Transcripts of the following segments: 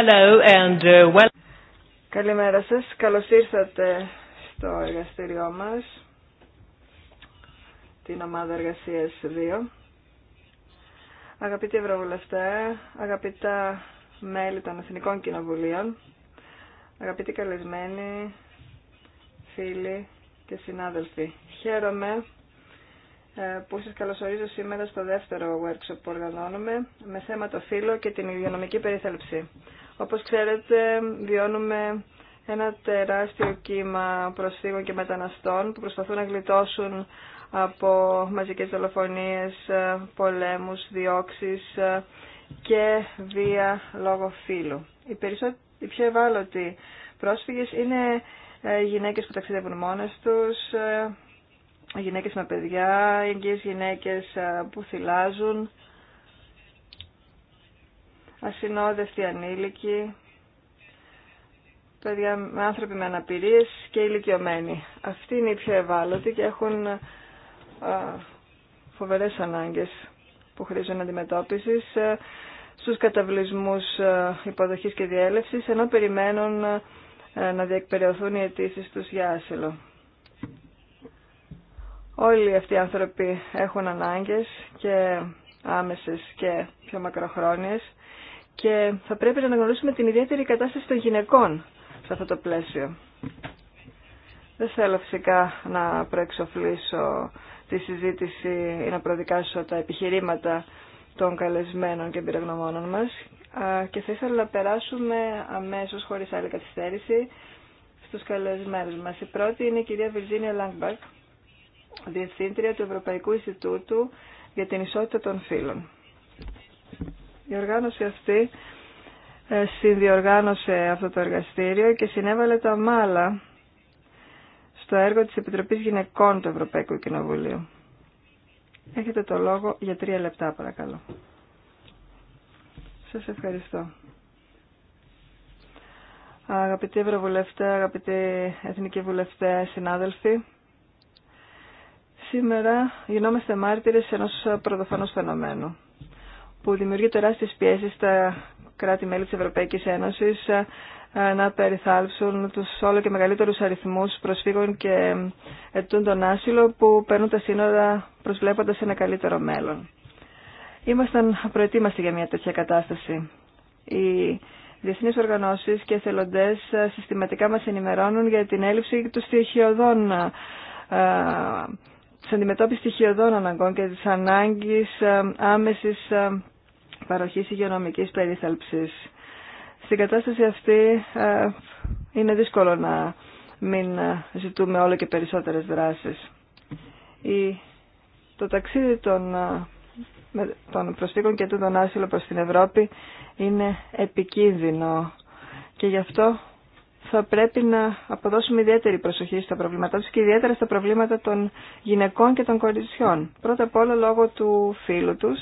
Hello and uh, Καλημέρα σας. Καλώς ήρθατε στο εργαστήριό μας, την ομάδα εργασίας 2. Αγαπητοί Ευρωβουλευτέ, αγαπητά μέλη των Εθνικών Κοινοβουλίων, αγαπητοί καλεσμένοι, φίλοι και συνάδελφοι, χαίρομαι ε, που σας καλωσορίζω σήμερα στο δεύτερο workshop που οργανώνουμε με θέμα το φύλλο και την υγειονομική περίθαλψη. Όπως ξέρετε, βιώνουμε ένα τεράστιο κύμα προσφύγων και μεταναστών που προσπαθούν να γλιτώσουν από μαζικές δολοφονίες, ε, πολέμους, διώξεις ε, και βία λόγω φύλου. Οι, πιο ευάλωτοι πρόσφυγες είναι γυναίκες που ταξιδεύουν μόνες τους, γυναίκες με παιδιά, εγγύες γυναίκες ε, που θυλάζουν, ασυνόδευτοι ανήλικοι, παιδιά με άνθρωποι με αναπηρίες και ηλικιωμένοι. Αυτοί είναι οι πιο ευάλωτοι και έχουν ε, φοβερές ανάγκες που χρήζουν αντιμετώπιση ε, στους καταβλισμούς υποδοχής και διέλευσης, ενώ περιμένουν να διεκπαιρεωθούν οι αιτήσει τους για άσυλο. Όλοι αυτοί οι άνθρωποι έχουν ανάγκες και άμεσες και πιο μακροχρόνιες και θα πρέπει να αναγνωρίσουμε την ιδιαίτερη κατάσταση των γυναικών σε αυτό το πλαίσιο. Δεν θέλω φυσικά να προεξοφλήσω τη συζήτηση ή να προδικάσω τα επιχειρήματα των καλεσμένων και εμπειρογνωμόνων μας και θα ήθελα να περάσουμε αμέσως χωρίς άλλη καθυστέρηση στους καλεσμένους μας. Η πρώτη είναι η κυρία Βιρζίνια Λάγκμπαρκ Διευθύντρια του Ευρωπαϊκού Ινστιτούτου για την Ισότητα των Φύλων. Η οργάνωση αυτή ε, συνδιοργάνωσε αυτό το εργαστήριο και συνέβαλε τα μάλα στο έργο της Επιτροπής Γυναικών του Ευρωπαϊκού Κοινοβουλίου. Έχετε το λόγο για τρία λεπτά παρακαλώ. Σας ευχαριστώ. Αγαπητοί Ευρωβουλευτέ, αγαπητοί Εθνικοί Βουλευτέ, συνάδελφοι, Σήμερα γινόμαστε μάρτυρες ενός πρωτοφανούς φαινομένου που δημιουργεί τεράστιες πιέσεις στα κράτη-μέλη της Ευρωπαϊκής Ένωσης ε, να περιθάλψουν τους όλο και μεγαλύτερους αριθμούς προσφύγων και ετούν τον άσυλο που παίρνουν τα σύνορα προσβλέποντας ένα καλύτερο μέλλον. Ήμασταν προετοίμαστοι για μια τέτοια κατάσταση. Οι διεθνείς οργανώσεις και εθελοντές ε, συστηματικά μας ενημερώνουν για την έλλειψη του στοιχειωδών ε, στην αντιμετώπιση στοιχειωδών αναγκών και της ανάγκης ε, άμεσης ε, παροχής υγειονομικής περίθαλψης. Στην κατάσταση αυτή ε, είναι δύσκολο να μην ζητούμε όλο και περισσότερες δράσεις. το ταξίδι των, των προσφύγων και του τον άσυλο προς την Ευρώπη είναι επικίνδυνο και γι' αυτό θα πρέπει να αποδώσουμε ιδιαίτερη προσοχή στα προβλήματά του και ιδιαίτερα στα προβλήματα των γυναικών και των κοριτσιών. Πρώτα απ' όλα λόγω του φίλου τους.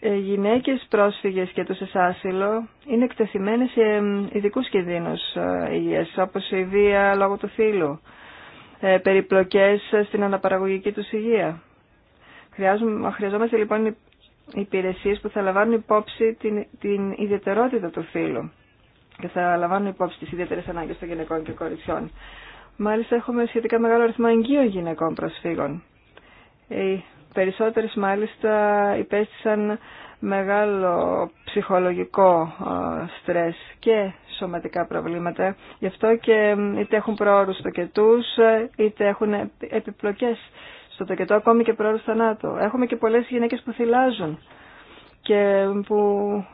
Ε, γυναίκες πρόσφυγες και του εσάσυλο είναι εκτεθειμένες σε ε, ειδικού κινδύνους ε, υγεία, όπω η βία λόγω του φύλου, περιπλοκές στην αναπαραγωγική τους υγεία. Χρειάζομαστε λοιπόν υπηρεσίες που θα λαμβάνουν υπόψη την, την ιδιαιτερότητα του φύλου και θα λαμβάνουν υπόψη τις ιδιαίτερες ανάγκες των γυναικών και κοριτσιών. Μάλιστα έχουμε σχετικά μεγάλο αριθμό εγγύων γυναικών προσφύγων. Οι περισσότερες μάλιστα υπέστησαν μεγάλο ψυχολογικό στρες και σωματικά προβλήματα. Γι' αυτό και είτε έχουν προώρους στο είτε έχουν επιπλοκές στο τοκετό ακόμη και πρόωρου θανάτου. Έχουμε και πολλές γυναίκες που θυλάζουν και που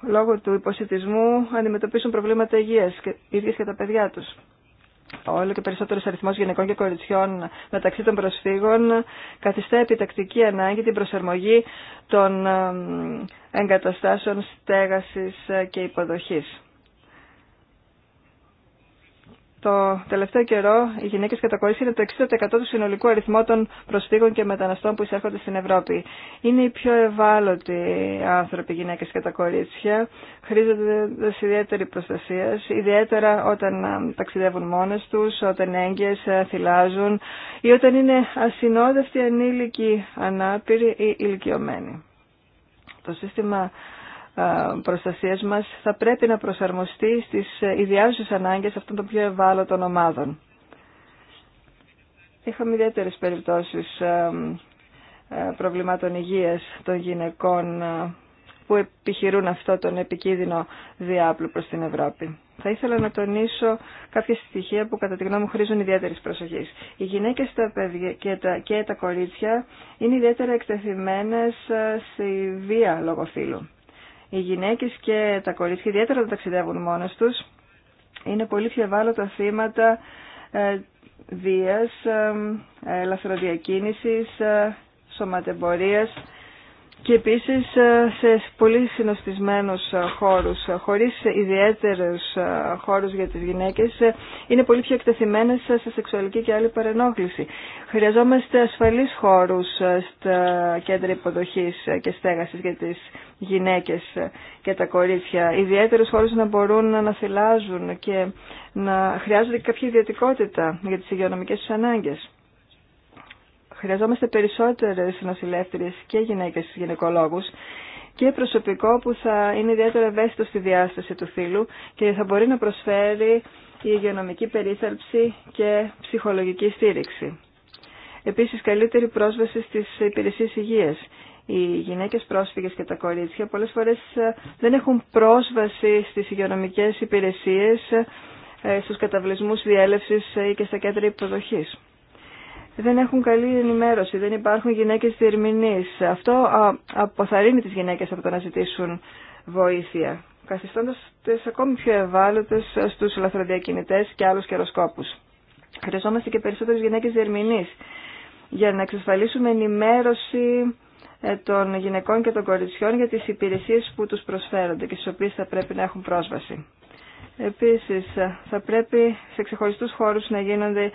λόγω του υποσυτισμού αντιμετωπίσουν προβλήματα υγείας, και, ίδιες και τα παιδιά τους. Όλο και περισσότερος αριθμός γυναικών και κοριτσιών μεταξύ των προσφύγων καθιστά επιτακτική ανάγκη την προσαρμογή των εγκαταστάσεων στέγασης και υποδοχής. Το τελευταίο καιρό οι γυναίκε και τα κορίτσια είναι το 60% του συνολικού αριθμού των προσφύγων και μεταναστών που εισέρχονται στην Ευρώπη. Είναι οι πιο ευάλωτοι άνθρωποι, γυναίκε και τα κορίτσια, χρειάζονται ιδιαίτερη προστασία, ιδιαίτερα όταν ε, ταξιδεύουν μόνε του, όταν έγκυε ε, θυλάζουν ή όταν είναι ασυνόδευτοι, ανήλικοι, ανάπηροι ή ηλικιωμένοι. Το σύστημα ε, προστασίας μας θα πρέπει να προσαρμοστεί στις ιδιάζουσες ανάγκες αυτών των πιο ευάλωτων ομάδων. Είχαμε ιδιαίτερε περιπτώσεις ε, ε, προβλημάτων υγείας των γυναικών που επιχειρούν αυτό τον επικίνδυνο διάπλου προς την Ευρώπη. Θα ήθελα να τονίσω κάποια στοιχεία που κατά τη γνώμη μου χρήζουν ιδιαίτερη προσοχή. Οι γυναίκε και, τα, και τα κορίτσια είναι ιδιαίτερα εκτεθειμένε στη βία λόγω οι γυναίκες και τα κορίτσια, ιδιαίτερα όταν ταξιδεύουν μόνες τους, είναι πολύ πιο ευάλωτα θύματα ε, βίας, ελαφροδιακίνησης, ε, ε, σωματεμπορίας και επίσης ε, σε πολύ συνοστισμένους ε, χώρους, ε, χωρίς ιδιαίτερους χώρους για τις γυναίκες, είναι πολύ πιο εκτεθειμένες σε σεξουαλική και άλλη παρενόχληση. Χρειαζόμαστε ασφαλείς χώρους στα κέντρα υποδοχής και στέγασης για τις γυναίκες και τα κορίτσια. Ιδιαίτερους χώρους να μπορούν να θυλάζουν και να χρειάζονται κάποια ιδιωτικότητα για τις υγειονομικές τους ανάγκες. Χρειαζόμαστε περισσότερες νοσηλεύτριες και γυναίκες γυναικολόγους και προσωπικό που θα είναι ιδιαίτερα ευαίσθητο στη διάσταση του φύλου και θα μπορεί να προσφέρει η υγειονομική περίθαλψη και ψυχολογική στήριξη. Επίσης, καλύτερη πρόσβαση στις υπηρεσίες υγείας. Οι γυναίκες πρόσφυγες και τα κορίτσια πολλές φορές ε, δεν έχουν πρόσβαση στις υγειονομικές υπηρεσίες, ε, στους καταβλισμούς διέλευσης ε, ή και στα κέντρα υποδοχής δεν έχουν καλή ενημέρωση, δεν υπάρχουν γυναίκες διερμηνείς. Αυτό αποθαρρύνει τις γυναίκες από το να ζητήσουν βοήθεια, καθιστώντας τις ακόμη πιο ευάλωτες στους λαθροδιακινητές και άλλους καιροσκόπους. Χρειαζόμαστε και περισσότερες γυναίκες διερμηνείς για να εξασφαλίσουμε ενημέρωση ε, των γυναικών και των κοριτσιών για τις υπηρεσίες που τους προσφέρονται και στις οποίες θα πρέπει να έχουν πρόσβαση. Επίσης, ε, θα πρέπει σε ξεχωριστούς χώρους να γίνονται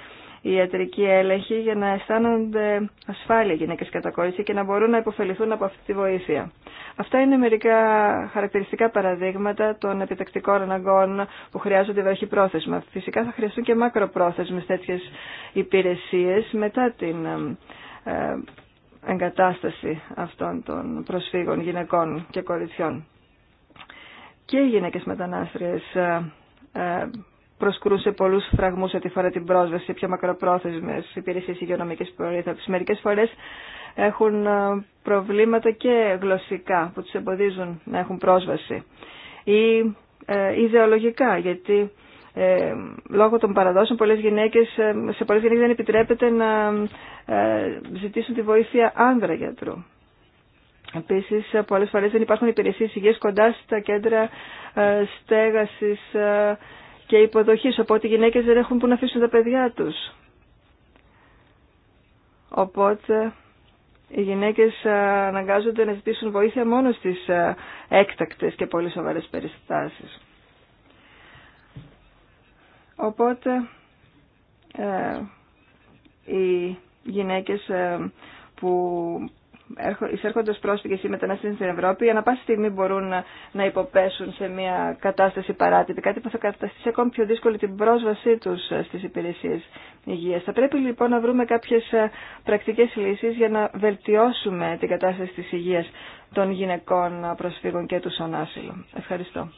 ιατρική έλεγχοι για να αισθάνονται ασφάλεια γυναίκες κατά κόρηση και να μπορούν να υποφεληθούν από αυτή τη βοήθεια. Αυτά είναι μερικά χαρακτηριστικά παραδείγματα των επιτακτικών αναγκών που χρειάζονται πρόθεσμα. Φυσικά θα χρειαστούν και μακροπρόθεσμες τέτοιες υπηρεσίες μετά την ε, εγκατάσταση αυτών των προσφύγων γυναικών και κοριτσιών. Και οι γυναίκες μετανάστριες ε, ε, προσκρούσε πολλού φραγμού ό,τι αφορά την πρόσβαση σε πιο μακροπρόθεσμε υπηρεσίε υγειονομική προήθαψη. Μερικέ φορέ έχουν ε, προβλήματα και γλωσσικά που του εμποδίζουν να έχουν πρόσβαση. Ή ε, ιδεολογικά, γιατί ε, λόγω των παραδόσεων πολλές γυναίκες, ε, σε πολλές γυναίκες δεν επιτρέπεται να ε, ζητήσουν τη βοήθεια άνδρα γιατρού. Επίσης, ε, πολλές φορές δεν υπάρχουν υπηρεσίες υγείας κοντά στα κέντρα ε, στέγασης, και υποδοχής, οπότε οι γυναίκες δεν έχουν που να αφήσουν τα παιδιά τους. Οπότε οι γυναίκες ε, αναγκάζονται να ζητήσουν βοήθεια μόνο στις ε, έκτακτες και πολύ σοβαρές περιστάσεις. Οπότε ε, οι γυναίκες που εισέρχοντας πρόσφυγες ή μετανάστες στην Ευρώπη, ανά πάση στιγμή μπορούν να, να υποπέσουν σε μια κατάσταση παράτυπη, κάτι που θα καταστήσει ακόμη πιο δύσκολη την πρόσβασή τους ε, στις υπηρεσίες υγείας. Θα πρέπει λοιπόν να βρούμε κάποιες ε, πρακτικές λύσεις για να βελτιώσουμε την κατάσταση της υγείας των γυναικών ε, προσφύγων και του ανάσυλων. Ευχαριστώ.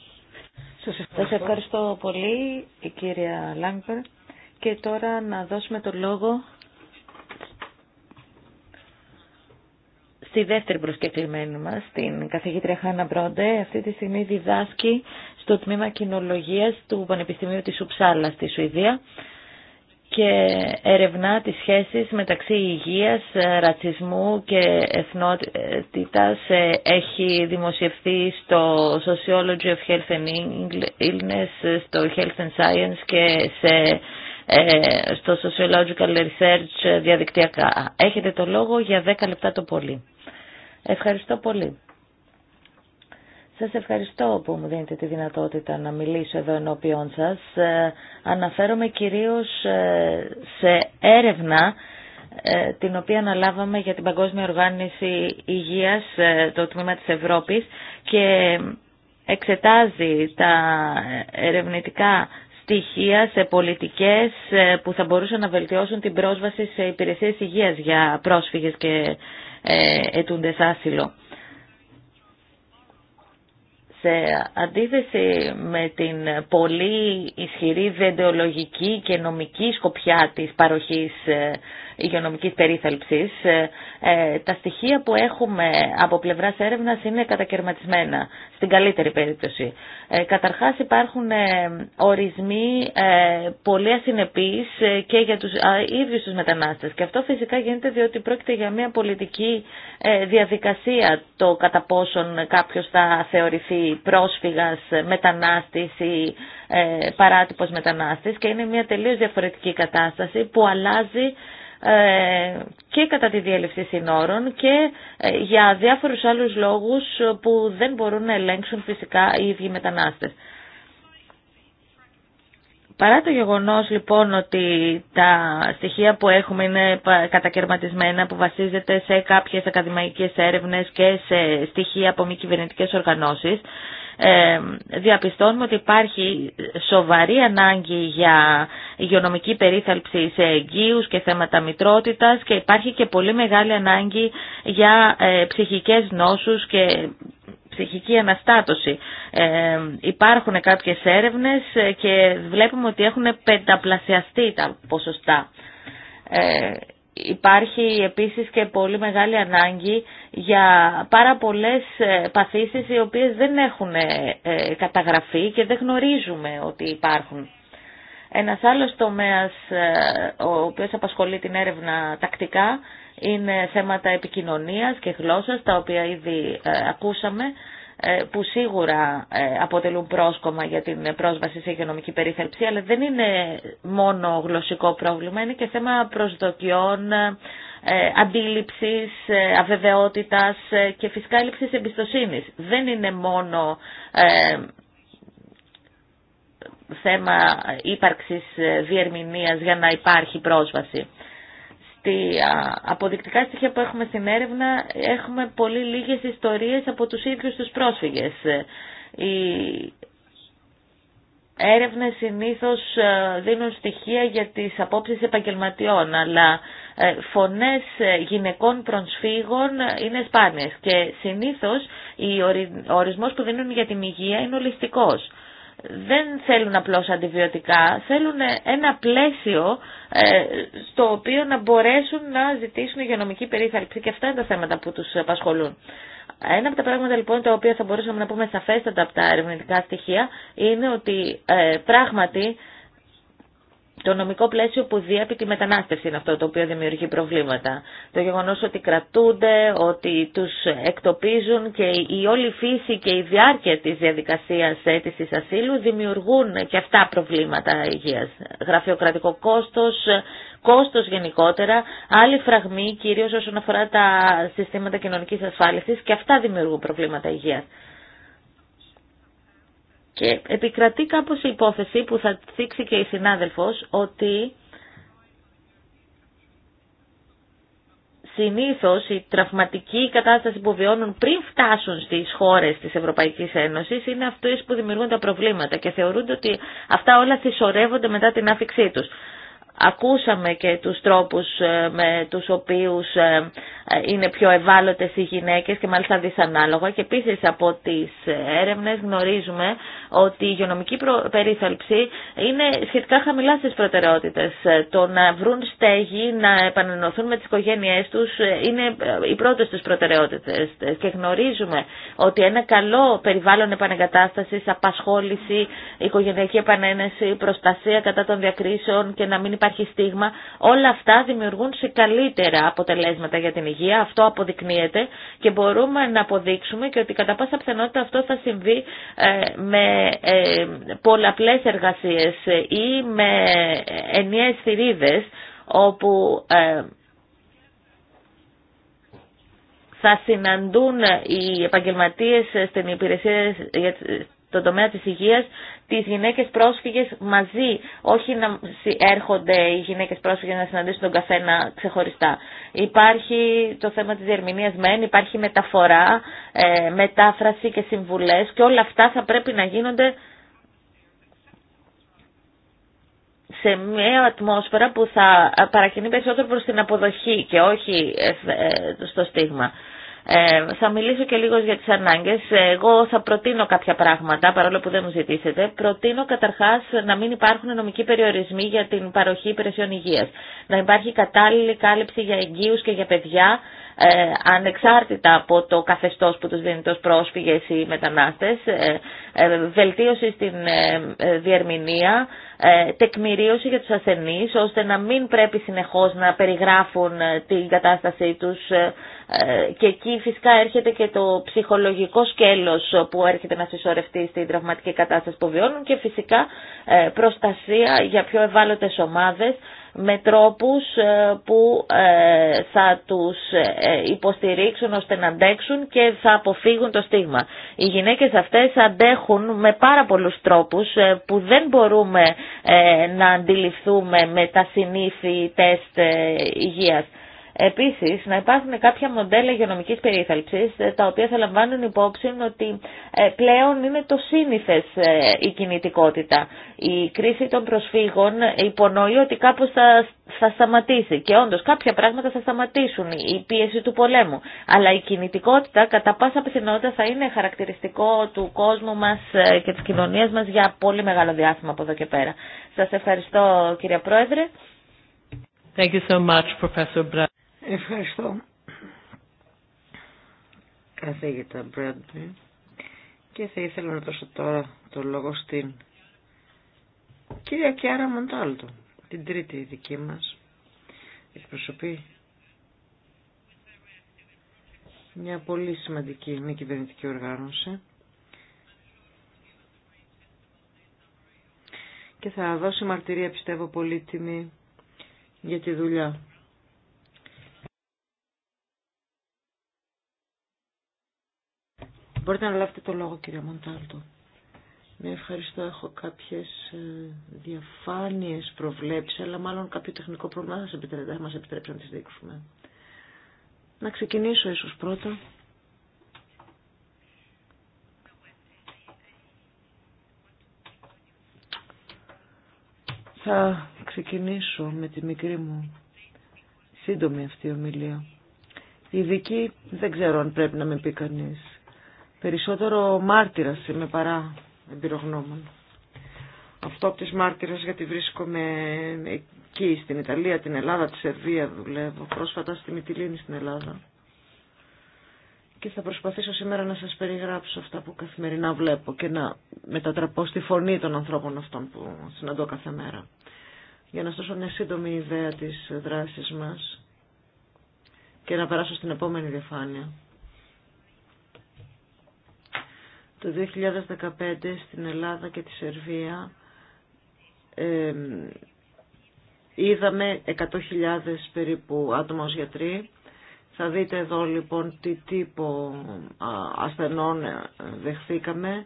Σας ευχαριστώ. ευχαριστώ πολύ, η κυρία Λάγκπερ. Και τώρα να δώσουμε το λόγο στη δεύτερη προσκεκλημένη μας, την καθηγήτρια Χάνα Μπρόντε. Αυτή τη στιγμή διδάσκει στο τμήμα κοινολογίας του Πανεπιστημίου της Ουψάλα στη Σουηδία και ερευνά τις σχέσεις μεταξύ υγείας, ρατσισμού και εθνότητας. Ε, έχει δημοσιευθεί στο Sociology of Health and Illness, στο Health and Science και σε ε, στο Sociological Research διαδικτυακά. Έχετε το λόγο για 10 λεπτά το πολύ. Ευχαριστώ πολύ. Σας ευχαριστώ που μου δίνετε τη δυνατότητα να μιλήσω εδώ ενώπιόν σας. Ε, αναφέρομαι κυρίως ε, σε έρευνα ε, την οποία αναλάβαμε για την Παγκόσμια Οργάνωση Υγείας, το τμήμα της Ευρώπης και εξετάζει τα ερευνητικά στοιχεία σε πολιτικές που θα μπορούσαν να βελτιώσουν την πρόσβαση σε υπηρεσίες υγείας για πρόσφυγες και αιτούντες ε, άσυλο. Σε αντίθεση με την πολύ ισχυρή δεντεολογική και νομική σκοπιά της παροχής ε, υγειονομικής περίθαλψης. Ε, ε, τα στοιχεία που έχουμε από πλευράς έρευνας είναι κατακαιρματισμένα, στην καλύτερη περίπτωση. Ε, καταρχάς υπάρχουν ορισμοί πολύ ασυνεπείς και για τους ίδιους τους μετανάστες. Και αυτό φυσικά γίνεται διότι πρόκειται για μια πολιτική διαδικασία το κατά πόσον κάποιος θα θεωρηθεί πρόσφυγας, μετανάστης ή παράτυπος μετανάστης και είναι μια τελείως διαφορετική κατάσταση που αλλάζει ε, και κατά τη διέλευση συνόρων και ε, για διάφορους άλλους λόγους που δεν μπορούν να ελέγξουν φυσικά οι ίδιοι μετανάστες. Παρά το γεγονός λοιπόν ότι τα στοιχεία που έχουμε είναι κατακαιρματισμένα που βασίζεται σε κάποιες ακαδημαϊκές έρευνες και σε στοιχεία από μη κυβερνητικές οργανώσεις, ε, διαπιστώνουμε ότι υπάρχει σοβαρή ανάγκη για υγειονομική περίθαλψη σε εγγύους και θέματα μητρότητας και υπάρχει και πολύ μεγάλη ανάγκη για ε, ψυχικές νόσους και ψυχική αναστάτωση. Ε, υπάρχουν κάποιες έρευνες και βλέπουμε ότι έχουν πενταπλασιαστεί τα ποσοστά. Ε, Υπάρχει επίσης και πολύ μεγάλη ανάγκη για πάρα πολλές ε, παθήσεις οι οποίες δεν έχουν ε, ε, καταγραφεί και δεν γνωρίζουμε ότι υπάρχουν. Ένας άλλος τομέας ο οποίος απασχολεί την έρευνα τακτικά είναι θέματα επικοινωνίας και γλώσσας, τα οποία ήδη ακούσαμε. Ε, που σίγουρα ε, αποτελούν πρόσκομα για την πρόσβαση σε υγειονομική περίθαλψη, αλλά δεν είναι μόνο γλωσσικό πρόβλημα, είναι και θέμα προσδοκιών, ε, αντίληψης, αβεβαιότητας και φυσικά έλλειψης εμπιστοσύνης. Δεν είναι μόνο θέμα ύπαρξης διερμηνίας για να υπάρχει πρόσβαση ότι αποδεικτικά στοιχεία που έχουμε στην έρευνα έχουμε πολύ λίγες ιστορίες από τους ίδιους τους πρόσφυγες. Οι έρευνες συνήθως δίνουν στοιχεία για τις απόψεις επαγγελματιών, αλλά ε, φωνές ε, γυναικών προσφύγων είναι σπάνιες και συνήθως ο ορισμός που δίνουν για την υγεία είναι ολιστικός δεν θέλουν απλώς αντιβιωτικά, θέλουν ένα πλαίσιο ε, στο οποίο να μπορέσουν να ζητήσουν υγειονομική περίθαλψη και αυτά είναι τα θέματα που τους απασχολούν. Ένα από τα πράγματα λοιπόν τα οποία θα μπορούσαμε να πούμε σαφέστατα από τα ερευνητικά στοιχεία είναι ότι ε, πράγματι το νομικό πλαίσιο που διέπει τη μετανάστευση είναι αυτό το οποίο δημιουργεί προβλήματα. Το γεγονός ότι κρατούνται, ότι τους εκτοπίζουν και η όλη φύση και η διάρκεια της διαδικασίας αίτησης ασύλου δημιουργούν και αυτά προβλήματα υγείας. Γραφειοκρατικό κόστος, κόστος γενικότερα, άλλη φραγμή κυρίως όσον αφορά τα συστήματα κοινωνικής ασφάλισης και αυτά δημιουργούν προβλήματα υγείας. Και επικρατεί κάπως η υπόθεση που θα θίξει και η συνάδελφος ότι συνήθως η τραυματική κατάσταση που βιώνουν πριν φτάσουν στις χώρες της Ευρωπαϊκής Ένωσης είναι αυτές που δημιουργούν τα προβλήματα και θεωρούνται ότι αυτά όλα θυσορεύονται μετά την άφηξή τους. Ακούσαμε και τους τρόπους ε, με τους οποίους ε, ε, είναι πιο ευάλωτες οι γυναίκες και μάλιστα δυσανάλογα και επίσης από τις έρευνες γνωρίζουμε ότι η υγειονομική περίθαλψη είναι σχετικά χαμηλά στις προτεραιότητες. Το να βρουν στέγη, να επανενωθούν με τις οικογένειές τους είναι οι πρώτε τους προτεραιότητες και γνωρίζουμε ότι ένα καλό περιβάλλον επανεγκατάστασης, απασχόληση, οικογενειακή επανένεση, προστασία κατά των διακρίσεων και να μην υπάρχει Όλα αυτά δημιουργούν σε καλύτερα αποτελέσματα για την υγεία. Αυτό αποδεικνύεται και μπορούμε να αποδείξουμε και ότι κατά πάσα πιθανότητα αυτό θα συμβεί ε, με ε, πολλαπλές εργασίες ή με ενιαίες θηρίδες όπου ε, θα συναντούν οι επαγγελματίες στην υπηρεσία στον τομέα της υγείας τις γυναίκες πρόσφυγες μαζί, όχι να έρχονται οι γυναίκες πρόσφυγες να συναντήσουν τον καθένα ξεχωριστά. Υπάρχει το θέμα της διερμηνίας μεν, υπάρχει μεταφορά, ε, μετάφραση και συμβουλές και όλα αυτά θα πρέπει να γίνονται σε μια ατμόσφαιρα που θα παρακινεί περισσότερο προς την αποδοχή και όχι ε, ε, στο στίγμα. Ε, θα μιλήσω και λίγο για τις ανάγκες. Εγώ θα προτείνω κάποια πράγματα, παρόλο που δεν μου ζητήσετε. Προτείνω καταρχάς να μην υπάρχουν νομικοί περιορισμοί για την παροχή υπηρεσιών υγείας. Να υπάρχει κατάλληλη κάλυψη για εγγύους και για παιδιά, ε, ανεξάρτητα από το καθεστώς που τους δίνει τους πρόσφυγες ή μετανάστες, ε, ε βελτίωση στην ε, διερμηνία, τεκμηρίωση για τους ασθενείς, ώστε να μην πρέπει συνεχώς να περιγράφουν την κατάστασή τους ε, και εκεί φυσικά έρχεται και το ψυχολογικό σκέλος που έρχεται να συσσωρευτεί στην τραυματική κατάσταση που βιώνουν και φυσικά ε, προστασία για πιο ευάλωτες ομάδες με τρόπους ε, που θα τους υποστηρίξουν ώστε να αντέξουν και θα αποφύγουν το στίγμα. Οι γυναίκες αυτές αντέχουν με πάρα πολλούς τρόπους που δεν μπορούμε να αντιληφθούμε με τα συνήθη τεστ υγείας. Επίση, να υπάρχουν κάποια μοντέλα υγειονομική περίθαλψη, ε, τα οποία θα λαμβάνουν υπόψη ότι ε, πλέον είναι το σύνηθε ε, η κινητικότητα. Η κρίση των προσφύγων υπονοεί ότι κάπως θα, θα σταματήσει και όντω κάποια πράγματα θα σταματήσουν, η πίεση του πολέμου. Αλλά η κινητικότητα κατά πάσα πιθανότητα θα είναι χαρακτηριστικό του κόσμου μας και τη κοινωνία μα για πολύ μεγάλο διάστημα από εδώ και πέρα. Σα ευχαριστώ κύριε Πρόεδρε. Thank you so much, Professor Ευχαριστώ. Καθηγητά Μπράντμπι. Και θα ήθελα να δώσω τώρα το λόγο στην κυρία Κιάρα Μοντάλτο, την τρίτη δική μας. Εκπροσωπεί μια πολύ σημαντική μη κυβερνητική οργάνωση. Και θα δώσει μαρτυρία, πιστεύω, πολύτιμη για τη δουλειά Μπορείτε να λάβετε το λόγο κυρία Μοντάλτο. Ναι, ευχαριστώ. Έχω κάποιες ε, διαφάνειες προβλέψεις, αλλά μάλλον κάποιο τεχνικό πρόβλημα θα, μας επιτρέψει να τις δείξουμε. Να ξεκινήσω ίσως πρώτα. Θα ξεκινήσω με τη μικρή μου σύντομη αυτή ομιλία. Η ειδική δεν ξέρω αν πρέπει να με πει κανείς Περισσότερο μάρτυρας είμαι παρά εμπειρογνώμων. τις μάρτυρες γιατί βρίσκομαι εκεί στην Ιταλία, την Ελλάδα, τη Σερβία δουλεύω. Πρόσφατα στη Μυτιλίνη στην Ελλάδα. Και θα προσπαθήσω σήμερα να σας περιγράψω αυτά που καθημερινά βλέπω και να μετατραπώ στη φωνή των ανθρώπων αυτών που συναντώ κάθε μέρα. Για να σας δώσω μια σύντομη ιδέα της δράσης μας και να περάσω στην επόμενη διαφάνεια. Το 2015 στην Ελλάδα και τη Σερβία είδαμε 100.000 περίπου άτομα ως γιατροί. Θα δείτε εδώ λοιπόν τι τύπο ασθενών ε, δεχθήκαμε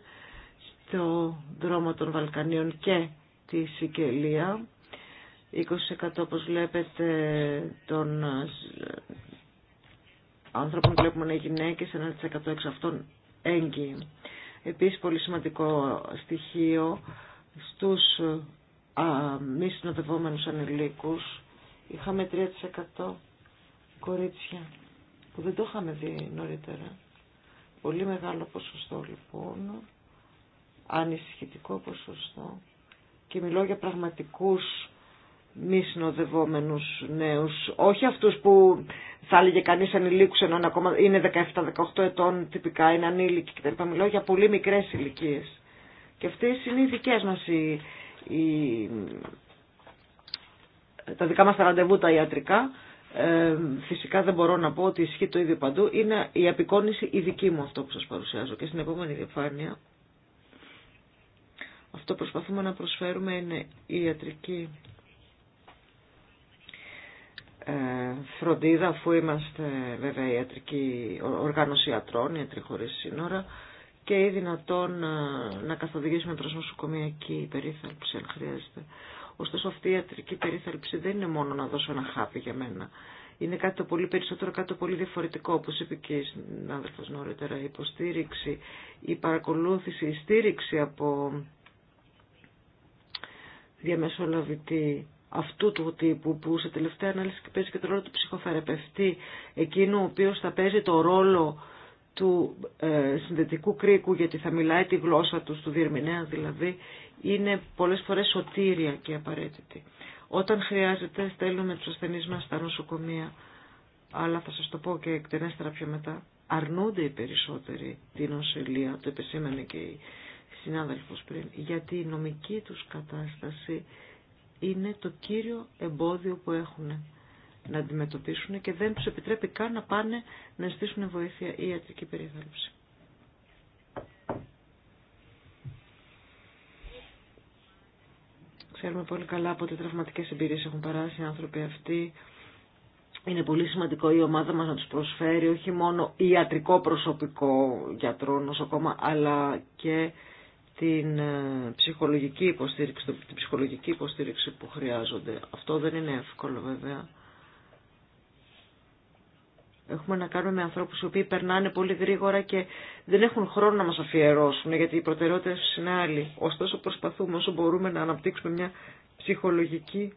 στο δρόμο των Βαλκανίων και τη Σικελία. 20% όπως βλέπετε των ε, ανθρώπων που βλέπουμε είναι γυναίκες, 1% εξ αυτών έγκυοι. Επίσης πολύ σημαντικό στοιχείο στους α, μη συνοδευόμενους ανηλίκους είχαμε 3% κορίτσια που δεν το είχαμε δει νωρίτερα. Πολύ μεγάλο ποσοστό λοιπόν, ανησυχητικό ποσοστό και μιλώ για πραγματικούς μη συνοδευόμενου νέους, όχι αυτού που θα έλεγε κανεί ανηλίκους είναι, ακόμα, είναι 17-18 ετών τυπικά, είναι ανήλικοι κτλ. Μιλώ για πολύ μικρές ηλικίε. Και αυτές είναι οι δικέ μας οι, τα δικά μας τα ραντεβού τα ιατρικά. Ε, φυσικά δεν μπορώ να πω ότι ισχύει το ίδιο παντού. Είναι η απεικόνηση η δική μου αυτό που σας παρουσιάζω και στην επόμενη διαφάνεια. Αυτό προσπαθούμε να προσφέρουμε είναι η ιατρική ε, φροντίδα αφού είμαστε βέβαια ιατρική οργάνωση ιατρών, ιατροί χωρίς σύνορα και ή δυνατόν ε, να καθοδηγήσουμε προς νοσοκομιακή περίθαλψη αν χρειάζεται. Ωστόσο αυτή η ιατρική περίθαλψη δεν είναι μόνο να δώσω ένα χάπι για μένα. Είναι κάτι το πολύ περισσότερο, κάτι το πολύ διαφορετικό, όπως είπε και η συνάδελφος νωρίτερα, η υποστήριξη, η παρακολούθηση, η στήριξη από διαμεσολαβητή αυτού του τύπου που σε τελευταία ανάλυση παίζει και το ρόλο του ψυχοθεραπευτή, εκείνου ο οποίος θα παίζει το ρόλο του ε, συνδετικού κρίκου γιατί θα μιλάει τη γλώσσα του, του διερμηνέα δηλαδή, είναι πολλές φορές σωτήρια και απαραίτητη. Όταν χρειάζεται στέλνουμε τους ασθενείς μας στα νοσοκομεία, αλλά θα σας το πω και εκτενέστερα πιο μετά, αρνούνται οι περισσότεροι την νοσηλεία, το επεσήμανε και η συνάδελφος πριν, γιατί η νομική τους κατάσταση είναι το κύριο εμπόδιο που έχουν να αντιμετωπίσουν και δεν τους επιτρέπει καν να πάνε να ζητήσουν βοήθεια ή ιατρική περίθαλψη. Ξέρουμε πολύ καλά από τι τραυματικές εμπειρίες έχουν περάσει οι άνθρωποι αυτοί. Είναι πολύ σημαντικό η ιατρικη περιθαλψη ξερουμε πολυ καλα απο τι τραυματικες εμπειριες εχουν παρασει οι ανθρωποι αυτοι ειναι πολυ σημαντικο η ομαδα μας να τους προσφέρει όχι μόνο ιατρικό προσωπικό γιατρό νοσοκόμα αλλά και την ε, ψυχολογική υποστήριξη, την ψυχολογική υποστήριξη που χρειάζονται. Αυτό δεν είναι εύκολο βέβαια. Έχουμε να κάνουμε με ανθρώπους οι οποίοι περνάνε πολύ γρήγορα και δεν έχουν χρόνο να μας αφιερώσουν γιατί οι προτεραιότητες είναι άλλοι. Ωστόσο προσπαθούμε όσο μπορούμε να αναπτύξουμε μια ψυχολογική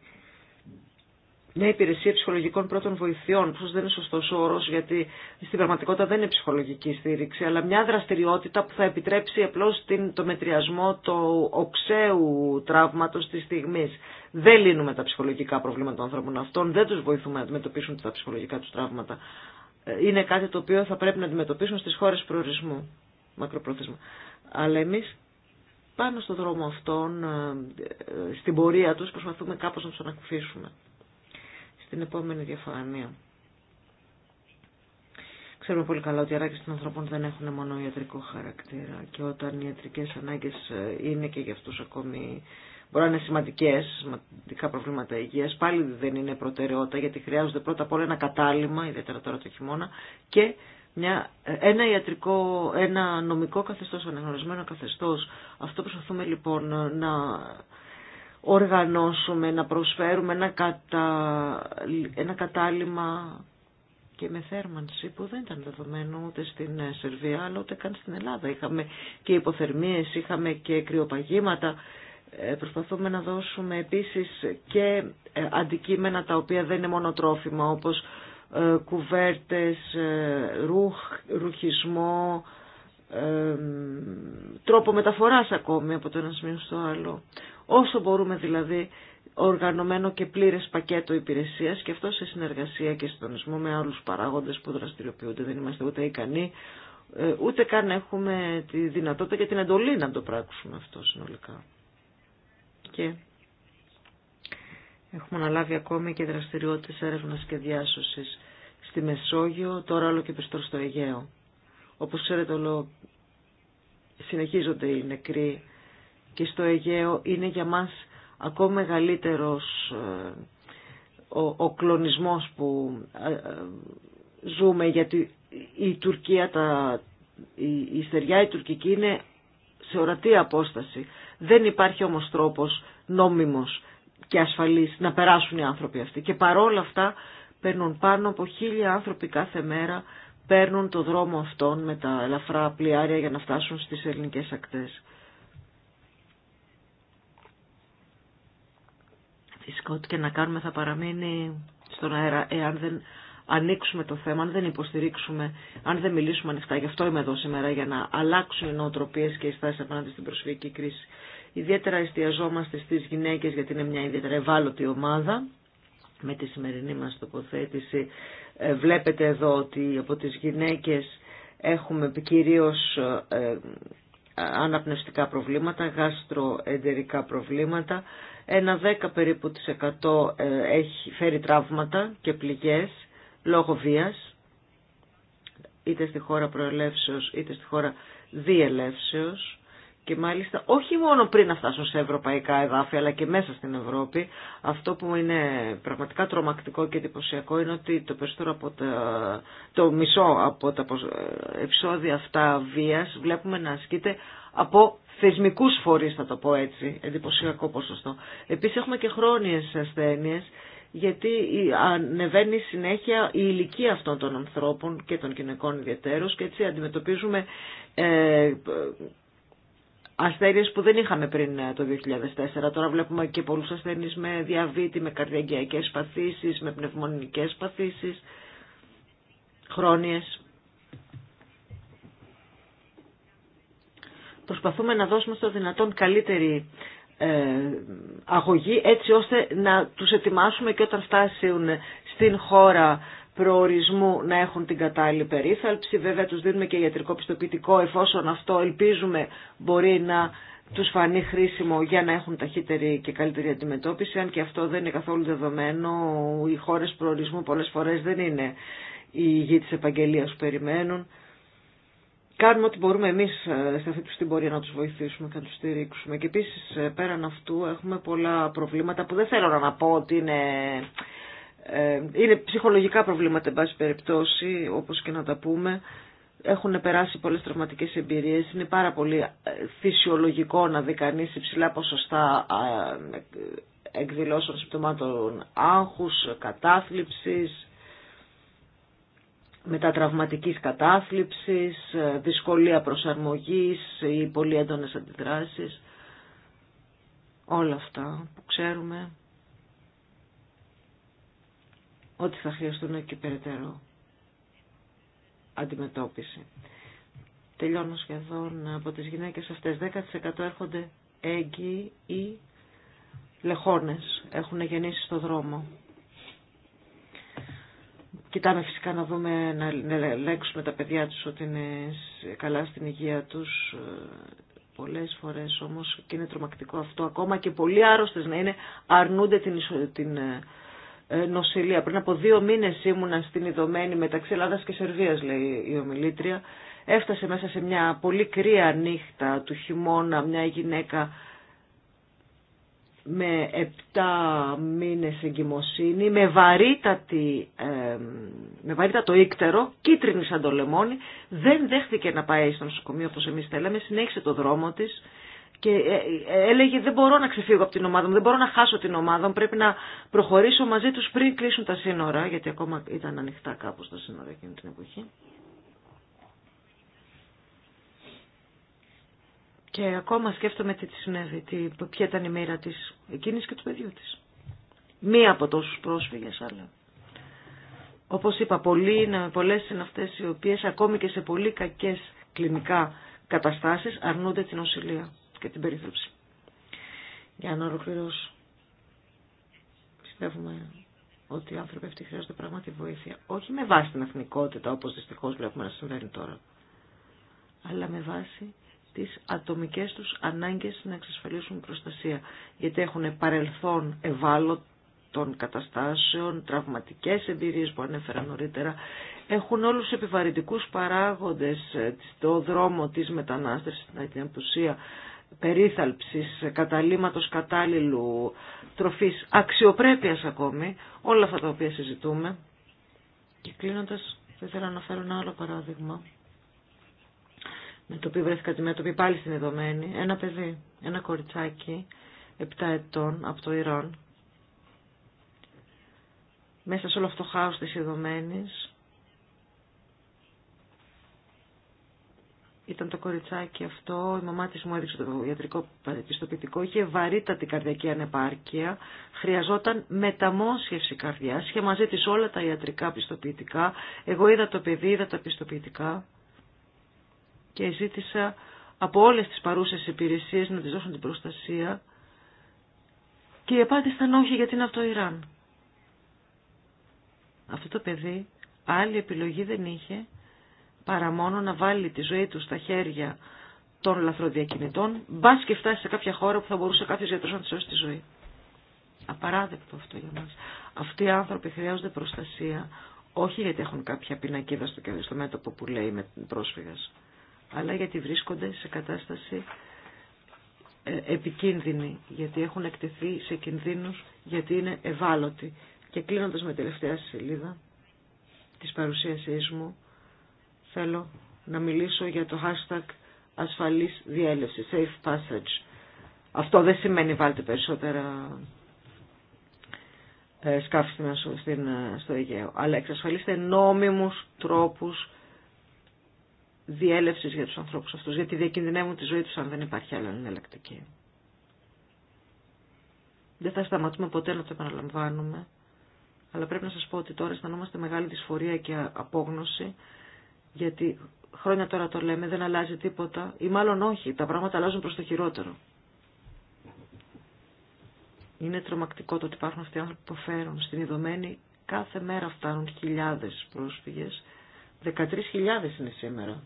μια υπηρεσία ψυχολογικών πρώτων βοηθειών, που δεν είναι σωστό όρο, γιατί στην πραγματικότητα δεν είναι ψυχολογική στήριξη, αλλά μια δραστηριότητα που θα επιτρέψει απλώ το μετριασμό του οξέου τραύματο τη στιγμή. Δεν λύνουμε τα ψυχολογικά προβλήματα των ανθρώπων αυτών, δεν του βοηθούμε να αντιμετωπίσουν τα ψυχολογικά του τραύματα. Ε, είναι κάτι το οποίο θα πρέπει να αντιμετωπίσουν στι χώρε προορισμού, μακροπρόθεσμα. Αλλά εμεί πάνω στον δρόμο αυτόν, ε, ε, στην πορεία του, προσπαθούμε κάπω να του ανακουφίσουμε. Την επόμενη διαφάνεια. Ξέρουμε πολύ καλά ότι οι ανάγκε των ανθρώπων δεν έχουν μόνο ιατρικό χαρακτήρα και όταν οι ιατρικέ ανάγκε ε, είναι και για αυτού ακόμη μπορεί να είναι σημαντικέ, σημαντικά προβλήματα υγεία, πάλι δεν είναι προτεραιότητα γιατί χρειάζονται πρώτα απ' όλα ένα κατάλημα, ιδιαίτερα τώρα το χειμώνα, και μια, ε, ένα, ιατρικό, ένα νομικό καθεστώ, αναγνωρισμένο καθεστώ. Αυτό προσπαθούμε λοιπόν να οργανώσουμε, να προσφέρουμε ένα, κατα... ένα κατάλημα και με θέρμανση που δεν ήταν δεδομένο ούτε στην Σερβία αλλά ούτε καν στην Ελλάδα. Είχαμε και υποθερμίες, είχαμε και κρυοπαγήματα. Ε, προσπαθούμε να δώσουμε επίσης και ε, αντικείμενα τα οποία δεν είναι μόνο τρόφιμα όπως ε, κουβέρτες, ρουχ, ρουχισμό, τρόπο μεταφοράς ακόμη από το ένα σημείο στο άλλο. Όσο μπορούμε δηλαδή οργανωμένο και πλήρες πακέτο υπηρεσίας και αυτό σε συνεργασία και συντονισμό με άλλους παράγοντες που δραστηριοποιούνται. Δεν είμαστε ούτε ικανοί, ε, ούτε καν έχουμε τη δυνατότητα και την εντολή να το πράξουμε αυτό συνολικά. Και έχουμε αναλάβει ακόμη και δραστηριότητες έρευνας και διάσωσης στη Μεσόγειο, τώρα όλο και περισσότερο στο Αιγαίο. Όπως ξέρετε όλο συνεχίζονται οι νεκροί και στο Αιγαίο είναι για μας ακόμα μεγαλύτερος ε, ο, ο κλονισμός που ε, ε, ζούμε γιατί η Τουρκία, τα, η, η στεριά η τουρκική είναι σε ορατή απόσταση. Δεν υπάρχει όμως τρόπος νόμιμος και ασφαλής να περάσουν οι άνθρωποι αυτοί. Και παρόλα αυτά παίρνουν πάνω από χίλια άνθρωποι κάθε μέρα παίρνουν το δρόμο αυτόν με τα ελαφρά πλοιάρια για να φτάσουν στις ελληνικές ακτές. Φυσικά ό,τι και να κάνουμε θα παραμείνει στον αέρα εάν δεν ανοίξουμε το θέμα, αν δεν υποστηρίξουμε, αν δεν μιλήσουμε ανοιχτά. Γι' αυτό είμαι εδώ σήμερα για να αλλάξουν οι νοοτροπίες και οι στάσεις απέναντι στην προσφυγική κρίση. Ιδιαίτερα εστιαζόμαστε στις γυναίκες γιατί είναι μια ιδιαίτερα ευάλωτη ομάδα με τη σημερινή μας τοποθέτηση ε, βλέπετε εδώ ότι από τις γυναίκες έχουμε κυρίως ε, αναπνευστικά προβλήματα, γαστροεντερικά προβλήματα. Ένα 10 περίπου της ε, έχει φέρει τραύματα και πληγές λόγω βίας, είτε στη χώρα προελεύσεως είτε στη χώρα διελεύσεως και μάλιστα όχι μόνο πριν να φτάσουν σε ευρωπαϊκά εδάφη αλλά και μέσα στην Ευρώπη. Αυτό που είναι πραγματικά τρομακτικό και εντυπωσιακό είναι ότι το περισσότερο από το μισό από τα ε, επεισόδια αυτά βίας βλέπουμε να ασκείται από θεσμικούς φορεί. θα το πω έτσι, εντυπωσιακό ποσοστό. Επίσης έχουμε και χρόνιες ασθένειε, γιατί ανεβαίνει συνέχεια η ηλικία αυτών των ανθρώπων και των γυναικών ιδιαίτερως και έτσι αντιμετωπίζουμε ε, ασθένειες που δεν είχαμε πριν ε, το 2004. Τώρα βλέπουμε και πολλούς ασθένειες με διαβήτη, με καρδιαγκιακές παθήσεις, με πνευμονικές παθήσεις, χρόνιες. Προσπαθούμε να δώσουμε στο δυνατόν καλύτερη ε, αγωγή έτσι ώστε να τους ετοιμάσουμε και όταν φτάσουν στην χώρα προορισμού να έχουν την κατάλληλη περίθαλψη. Βέβαια τους δίνουμε και ιατρικό πιστοποιητικό εφόσον αυτό ελπίζουμε μπορεί να τους φανεί χρήσιμο για να έχουν ταχύτερη και καλύτερη αντιμετώπιση, αν και αυτό δεν είναι καθόλου δεδομένο, οι χώρες προορισμού πολλές φορές δεν είναι οι γη της επαγγελίας που περιμένουν. Κάνουμε ό,τι μπορούμε εμείς ε, σε αυτή την πορεία να τους βοηθήσουμε και να τους στηρίξουμε. Και επίσης ε, πέραν αυτού έχουμε πολλά προβλήματα που δεν θέλω να πω ότι είναι ε, είναι ψυχολογικά προβλήματα, εν πάση περιπτώσει, όπως και να τα πούμε. Έχουν περάσει πολλές τραυματικές εμπειρίες. Είναι πάρα πολύ ε, φυσιολογικό να δει κανείς υψηλά ποσοστά εκδηλώσεων συμπτωμάτων άγχους, κατάθλιψης, μετατραυματικής κατάθλιψης, ε, δυσκολία προσαρμογής ή πολύ έντονες αντιδράσεις. Όλα αυτά που ξέρουμε ότι θα χρειαστούν και περαιτέρω αντιμετώπιση. Τελειώνω σχεδόν από τις γυναίκες αυτές. 10% έρχονται έγκυοι ή λεχόνες. Έχουν γεννήσει στο δρόμο. Κοιτάμε φυσικά να δούμε, να ελέγξουμε τα παιδιά τους ότι είναι καλά στην υγεία τους. Πολλές φορές όμως και είναι τρομακτικό αυτό. Ακόμα και πολλοί άρρωστες να είναι αρνούνται την, την ε, ε, νοσηλεία. Πριν από δύο μήνες ήμουνα στην ειδωμένη μεταξύ Ελλάδα και Σερβίας, λέει η ομιλήτρια. Έφτασε μέσα σε μια πολύ κρύα νύχτα του χειμώνα μια γυναίκα με επτά μήνες εγκυμοσύνη, με, βαρύτατη, ε, με βαρύτατο ύκτερο, κίτρινη σαν το λεμόνι, δεν δέχθηκε να πάει στο νοσοκομείο όπως εμείς θέλαμε, συνέχισε το δρόμο της και ε, ε, έλεγε δεν μπορώ να ξεφύγω από την ομάδα μου, δεν μπορώ να χάσω την ομάδα μου, πρέπει να προχωρήσω μαζί τους πριν κλείσουν τα σύνορα, γιατί ακόμα ήταν ανοιχτά κάπως τα σύνορα εκείνη την εποχή. Και ακόμα σκέφτομαι τι της συνέβη, τι, ποια ήταν η μοίρα της εκείνης και του παιδιού της. Μία από τόσους πρόσφυγες άλλα. Όπως είπα, πολλοί, είναι, πολλές είναι αυτές οι οποίες ακόμη και σε πολύ κακές κλινικά καταστάσεις αρνούνται την οσυλία και την περίθαλψη. Για να ολοκληρώσω. Πιστεύουμε ότι οι άνθρωποι αυτοί χρειάζονται πράγματι βοήθεια. Όχι με βάση την εθνικότητα, όπω δυστυχώ βλέπουμε να συμβαίνει τώρα, αλλά με βάση τι ατομικέ του ανάγκε να εξασφαλίσουν προστασία. Γιατί έχουν παρελθόν ευάλωτων καταστάσεων, τραυματικές εμπειρίες που ανέφερα νωρίτερα. Έχουν όλους τους επιβαρυντικούς παράγοντες, στο ε, δρόμο της μετανάστευσης, την απουσία περίθαλψης, καταλήματος κατάλληλου, τροφής, αξιοπρέπειας ακόμη, όλα αυτά τα οποία συζητούμε. Και κλείνοντας, θα ήθελα να φέρω ένα άλλο παράδειγμα, με το οποίο βρέθηκα τη μέτωπη πάλι στην Εδωμένη, ένα παιδί, ένα κοριτσάκι, 7 ετών, από το Ιράν, μέσα σε όλο αυτό το χάος της Εδωμένης, ήταν το κοριτσάκι αυτό, η μαμά της μου έδειξε το ιατρικό πιστοποιητικό, είχε βαρύτατη καρδιακή ανεπάρκεια, χρειαζόταν μεταμόσχευση καρδιάς, και μαζί της όλα τα ιατρικά πιστοποιητικά, εγώ είδα το παιδί, είδα τα πιστοποιητικά και ζήτησα από όλες τις παρούσες υπηρεσίες να της δώσουν την προστασία και η απάντηση όχι γιατί είναι αυτό το Ιράν. Αυτό το παιδί άλλη επιλογή δεν είχε παρά μόνο να βάλει τη ζωή του στα χέρια των λαθροδιακινητών, μπα και φτάσει σε κάποια χώρα που θα μπορούσε κάποιο γιατρό να τη σώσει τη ζωή. Απαράδεκτο αυτό για μα. Αυτοί οι άνθρωποι χρειάζονται προστασία, όχι γιατί έχουν κάποια πινακίδα στο, στο μέτωπο που λέει με πρόσφυγα, αλλά γιατί βρίσκονται σε κατάσταση ε, επικίνδυνη, γιατί έχουν εκτεθεί σε κινδύνους, γιατί είναι ευάλωτοι. Και κλείνοντας με τελευταία σελίδα της παρουσίασής μου, θέλω να μιλήσω για το hashtag ασφαλής διέλευση, safe passage. Αυτό δεν σημαίνει βάλτε περισσότερα ε, σκάφη στην, ε, στο Αιγαίο, αλλά εξασφαλίστε νόμιμους τρόπους διέλευσης για τους ανθρώπους αυτούς, γιατί διακινδυνεύουν τη ζωή τους αν δεν υπάρχει άλλη εναλλακτική. Δεν θα σταματούμε ποτέ να το επαναλαμβάνουμε, αλλά πρέπει να σας πω ότι τώρα αισθανόμαστε μεγάλη δυσφορία και απόγνωση γιατί χρόνια τώρα το λέμε, δεν αλλάζει τίποτα ή μάλλον όχι, τα πράγματα αλλάζουν προς το χειρότερο. Είναι τρομακτικό το ότι υπάρχουν αυτοί οι άνθρωποι που φέρουν στην ειδωμένη. Κάθε μέρα φτάνουν χιλιάδες πρόσφυγες. 13.000 είναι σήμερα.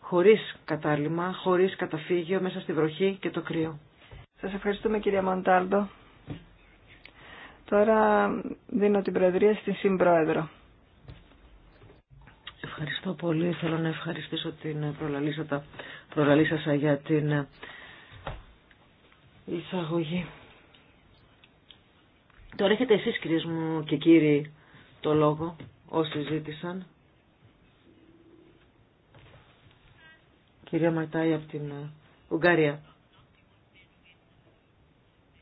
Χωρίς κατάλημα, χωρίς καταφύγιο, μέσα στη βροχή και το κρύο. Σας ευχαριστούμε κυρία Μοντάλντο. Τώρα δίνω την Προεδρία στην Συμπρόεδρο. Ευχαριστώ πολύ. Θέλω να ευχαριστήσω την προλαλήσασα για την ε, εισαγωγή. Τώρα έχετε εσείς κυρίες μου και κύριοι το λόγο όσοι ζήτησαν. Κυρία Ματάη από την ε, Ουγγαρία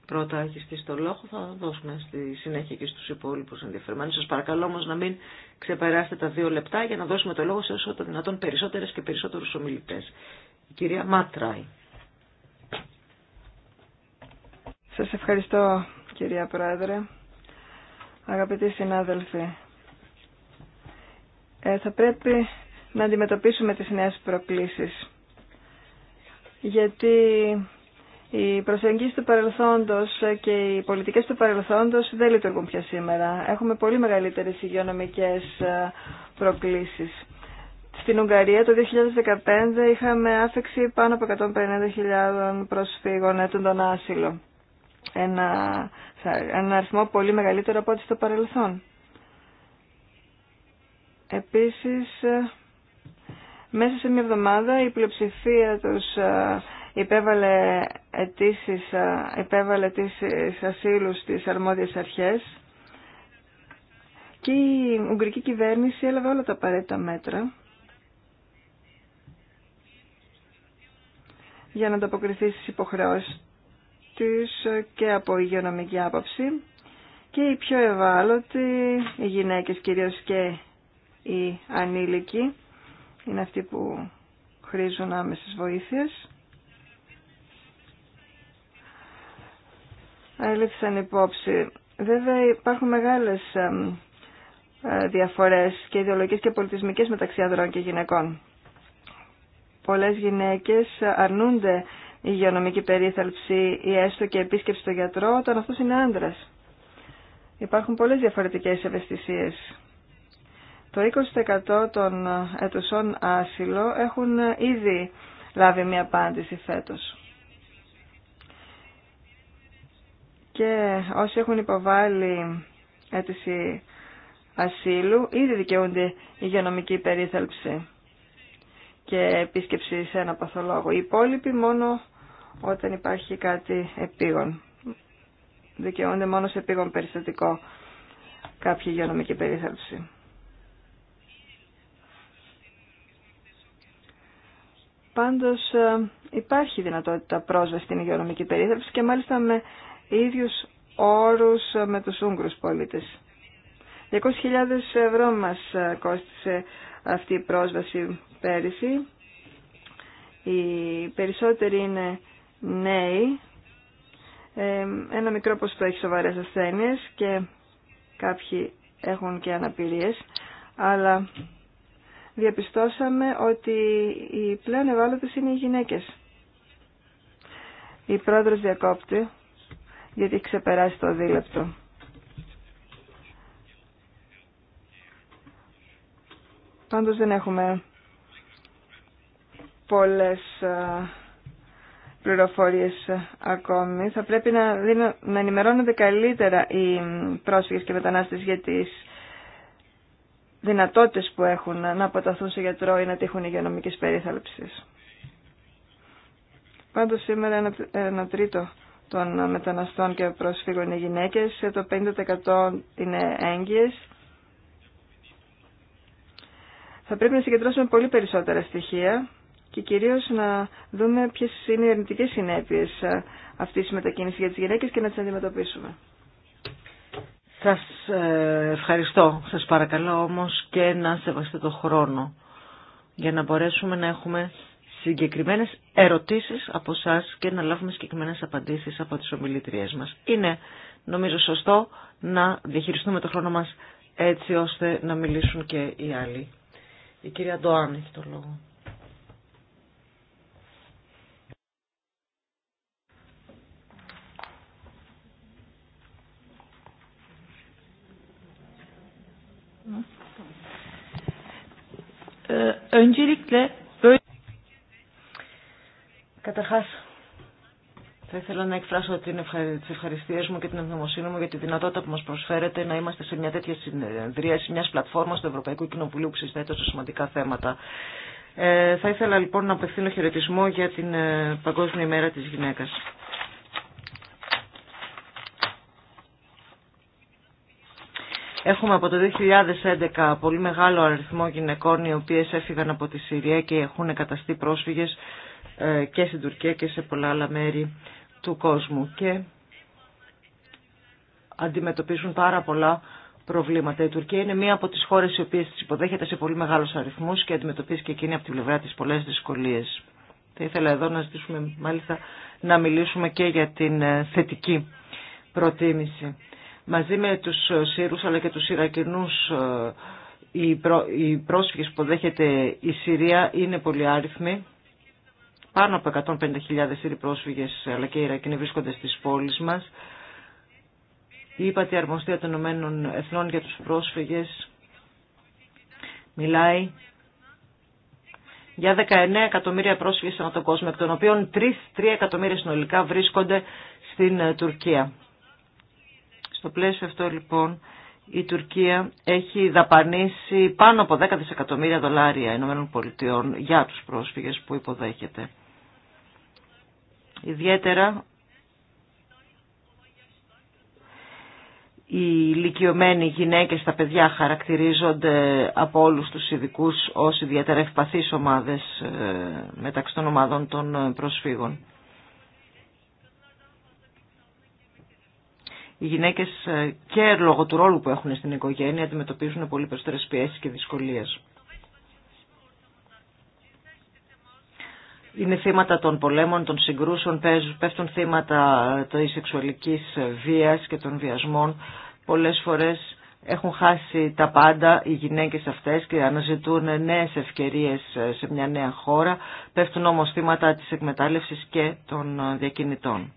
πρώτα έχει στήσει το λόγο, θα δώσουμε στη συνέχεια και στους υπόλοιπους ενδιαφερμένους. Σας παρακαλώ όμως να μην ξεπεράσετε τα δύο λεπτά για να δώσουμε το λόγο σε όσο το δυνατόν περισσότερες και περισσότερους ομιλητές. Η κυρία Μάτραη. Σας ευχαριστώ κυρία Πρόεδρε. Αγαπητοί συνάδελφοι, ε, θα πρέπει να αντιμετωπίσουμε τις νέες προκλήσεις. Γιατί οι προσεγγίσεις του παρελθόντος και οι πολιτικές του παρελθόντος δεν λειτουργούν πια σήμερα. Έχουμε πολύ μεγαλύτερες υγειονομικές ε, προκλήσεις. Στην Ουγγαρία το 2015 είχαμε άφεξη πάνω από 150.000 προσφύγων έτων τον άσυλο. Ένα, ένα αριθμό πολύ μεγαλύτερο από ό,τι στο παρελθόν. Επίσης, ε, μέσα σε μια εβδομάδα η πλειοψηφία τους ε, υπέβαλε αιτήσεις, υπέβαλε αιτήσεις ασύλου στις αρμόδιες αρχές και η Ουγγρική κυβέρνηση έλαβε όλα τα απαραίτητα μέτρα για να ανταποκριθεί στις υποχρεώσεις της και από υγειονομική άποψη και οι πιο ευάλωτοι, οι γυναίκες κυρίως και οι ανήλικοι, είναι αυτοί που χρήζουν άμεσες βοήθειες. λήφθησαν υπόψη. Βέβαια υπάρχουν μεγάλες ε, διαφορές και ιδεολογικές και πολιτισμικές μεταξύ ανδρών και γυναικών. Πολλές γυναίκες αρνούνται η υγειονομική περίθαλψη ή έστω και επίσκεψη στο γιατρό όταν αυτός είναι άντρας. Υπάρχουν πολλές διαφορετικές ευαισθησίες. Το 20% των ετουσών άσυλο έχουν ήδη λάβει μια απάντηση φέτος. και όσοι έχουν υποβάλει αίτηση ασύλου ήδη δικαιούνται υγειονομική περίθαλψη και επίσκεψη σε ένα παθολόγο. Οι υπόλοιποι μόνο όταν υπάρχει κάτι επίγον. Δικαιούνται μόνο σε επίγον περιστατικό κάποια υγειονομική περίθαλψη. Πάντως ε, υπάρχει δυνατότητα πρόσβαση στην υγειονομική περίθαλψη και μάλιστα με ίδιους όρους με τους Ούγγρους πολίτες. 200.000 ευρώ μας κόστισε αυτή η πρόσβαση πέρυσι. Οι περισσότεροι είναι νέοι. Ένα μικρό ποσοστό έχει σοβαρέ ασθένειε και κάποιοι έχουν και αναπηρίες. Αλλά διαπιστώσαμε ότι οι πλέον ευάλωτες είναι οι γυναίκες. Η πρόεδρος διακόπτη γιατί έχει ξεπεράσει το δίλεπτο. Πάντως δεν έχουμε πολλές πληροφορίες ακόμη. Θα πρέπει να, να ενημερώνονται καλύτερα οι πρόσφυγες και μετανάστες για τις δυνατότητες που έχουν να αποταθούν σε γιατρό ή να τύχουν υγειονομικής περίθαλψης. Πάντως σήμερα ένα, ένα τρίτο των μεταναστών και προσφύγων είναι γυναίκες, το 50% είναι έγκυες. Θα πρέπει να συγκεντρώσουμε πολύ περισσότερα στοιχεία και κυρίως να δούμε ποιες είναι οι αρνητικέ συνέπειες αυτής της μετακίνησης για τις γυναίκες και να τις αντιμετωπίσουμε. Σας ε, ευχαριστώ. Σας παρακαλώ όμως και να σεβαστείτε το χρόνο για να μπορέσουμε να έχουμε συγκεκριμένες ερωτήσεις από εσά και να λάβουμε συγκεκριμένες απαντήσεις από τις ομιλητριές μας. Είναι νομίζω σωστό να διαχειριστούμε το χρόνο μας έτσι ώστε να μιλήσουν και οι άλλοι. Η κυρία Ντοάν έχει το λόγο. Öncelikle Καταρχάς, θα ήθελα να εκφράσω τι ευχαριστίε μου και την ευγνωμοσύνη μου για τη δυνατότητα που μα προσφέρεται να είμαστε σε μια τέτοια σε μια πλατφόρμα του Ευρωπαϊκού Κοινοβουλίου που συζητάει τόσο σημαντικά θέματα. Ε, θα ήθελα λοιπόν να απευθύνω χαιρετισμό για την ε, Παγκόσμια ημέρα της Γυναίκας. Έχουμε από το 2011 πολύ μεγάλο αριθμό γυναικών οι οποίες έφυγαν από τη Συρία και έχουν εγκαταστεί πρόσφυγες ε, και στην Τουρκία και σε πολλά άλλα μέρη του κόσμου και αντιμετωπίζουν πάρα πολλά προβλήματα. Η Τουρκία είναι μία από τις χώρες οι οποίες τις υποδέχεται σε πολύ μεγάλους αριθμούς και αντιμετωπίζει και εκείνη από την πλευρά της πολλές δυσκολίες. Θα ήθελα εδώ να ζητήσουμε μάλιστα να μιλήσουμε και για την ε, θετική προτίμηση. Μαζί με τους ε, Σύρους αλλά και τους Ιρακινούς οι, οι πρόσφυγες που δέχεται η Συρία είναι πολύ άριθμοι πάνω από 150.000 Σύριοι πρόσφυγες αλλά και Ιρακινοί βρίσκονται στις πόλεις μας. Η ύπατη αρμοστία των Ηνωμένων Εθνών για τους πρόσφυγες μιλάει για 19 εκατομμύρια πρόσφυγες ανά τον κόσμο, εκ των οποίων 3, 3 εκατομμύρια συνολικά βρίσκονται στην ε, Τουρκία. Στο πλαίσιο αυτό λοιπόν η Τουρκία έχει δαπανίσει πάνω από 10 δισεκατομμύρια δολάρια Ηνωμένων Πολιτειών για τους πρόσφυγες που υποδέχεται. Ιδιαίτερα οι ηλικιωμένοι γυναίκες, τα παιδιά χαρακτηρίζονται από όλους τους ειδικού ως ιδιαίτερα ευπαθείς ομάδες ε, μεταξύ των ομάδων των προσφύγων. Οι γυναίκες ε, και λόγω του ρόλου που έχουν στην οικογένεια αντιμετωπίζουν πολύ περισσότερες πιέσεις και δυσκολίες. είναι θύματα των πολέμων, των συγκρούσεων, πέφτουν θύματα ε, της σεξουαλικής ε, βίας και των βιασμών. Πολλές φορές έχουν χάσει τα πάντα οι γυναίκες αυτές και αναζητούν νέες ευκαιρίες ε, σε μια νέα χώρα, πέφτουν όμως θύματα της εκμετάλλευσης και των διακινητών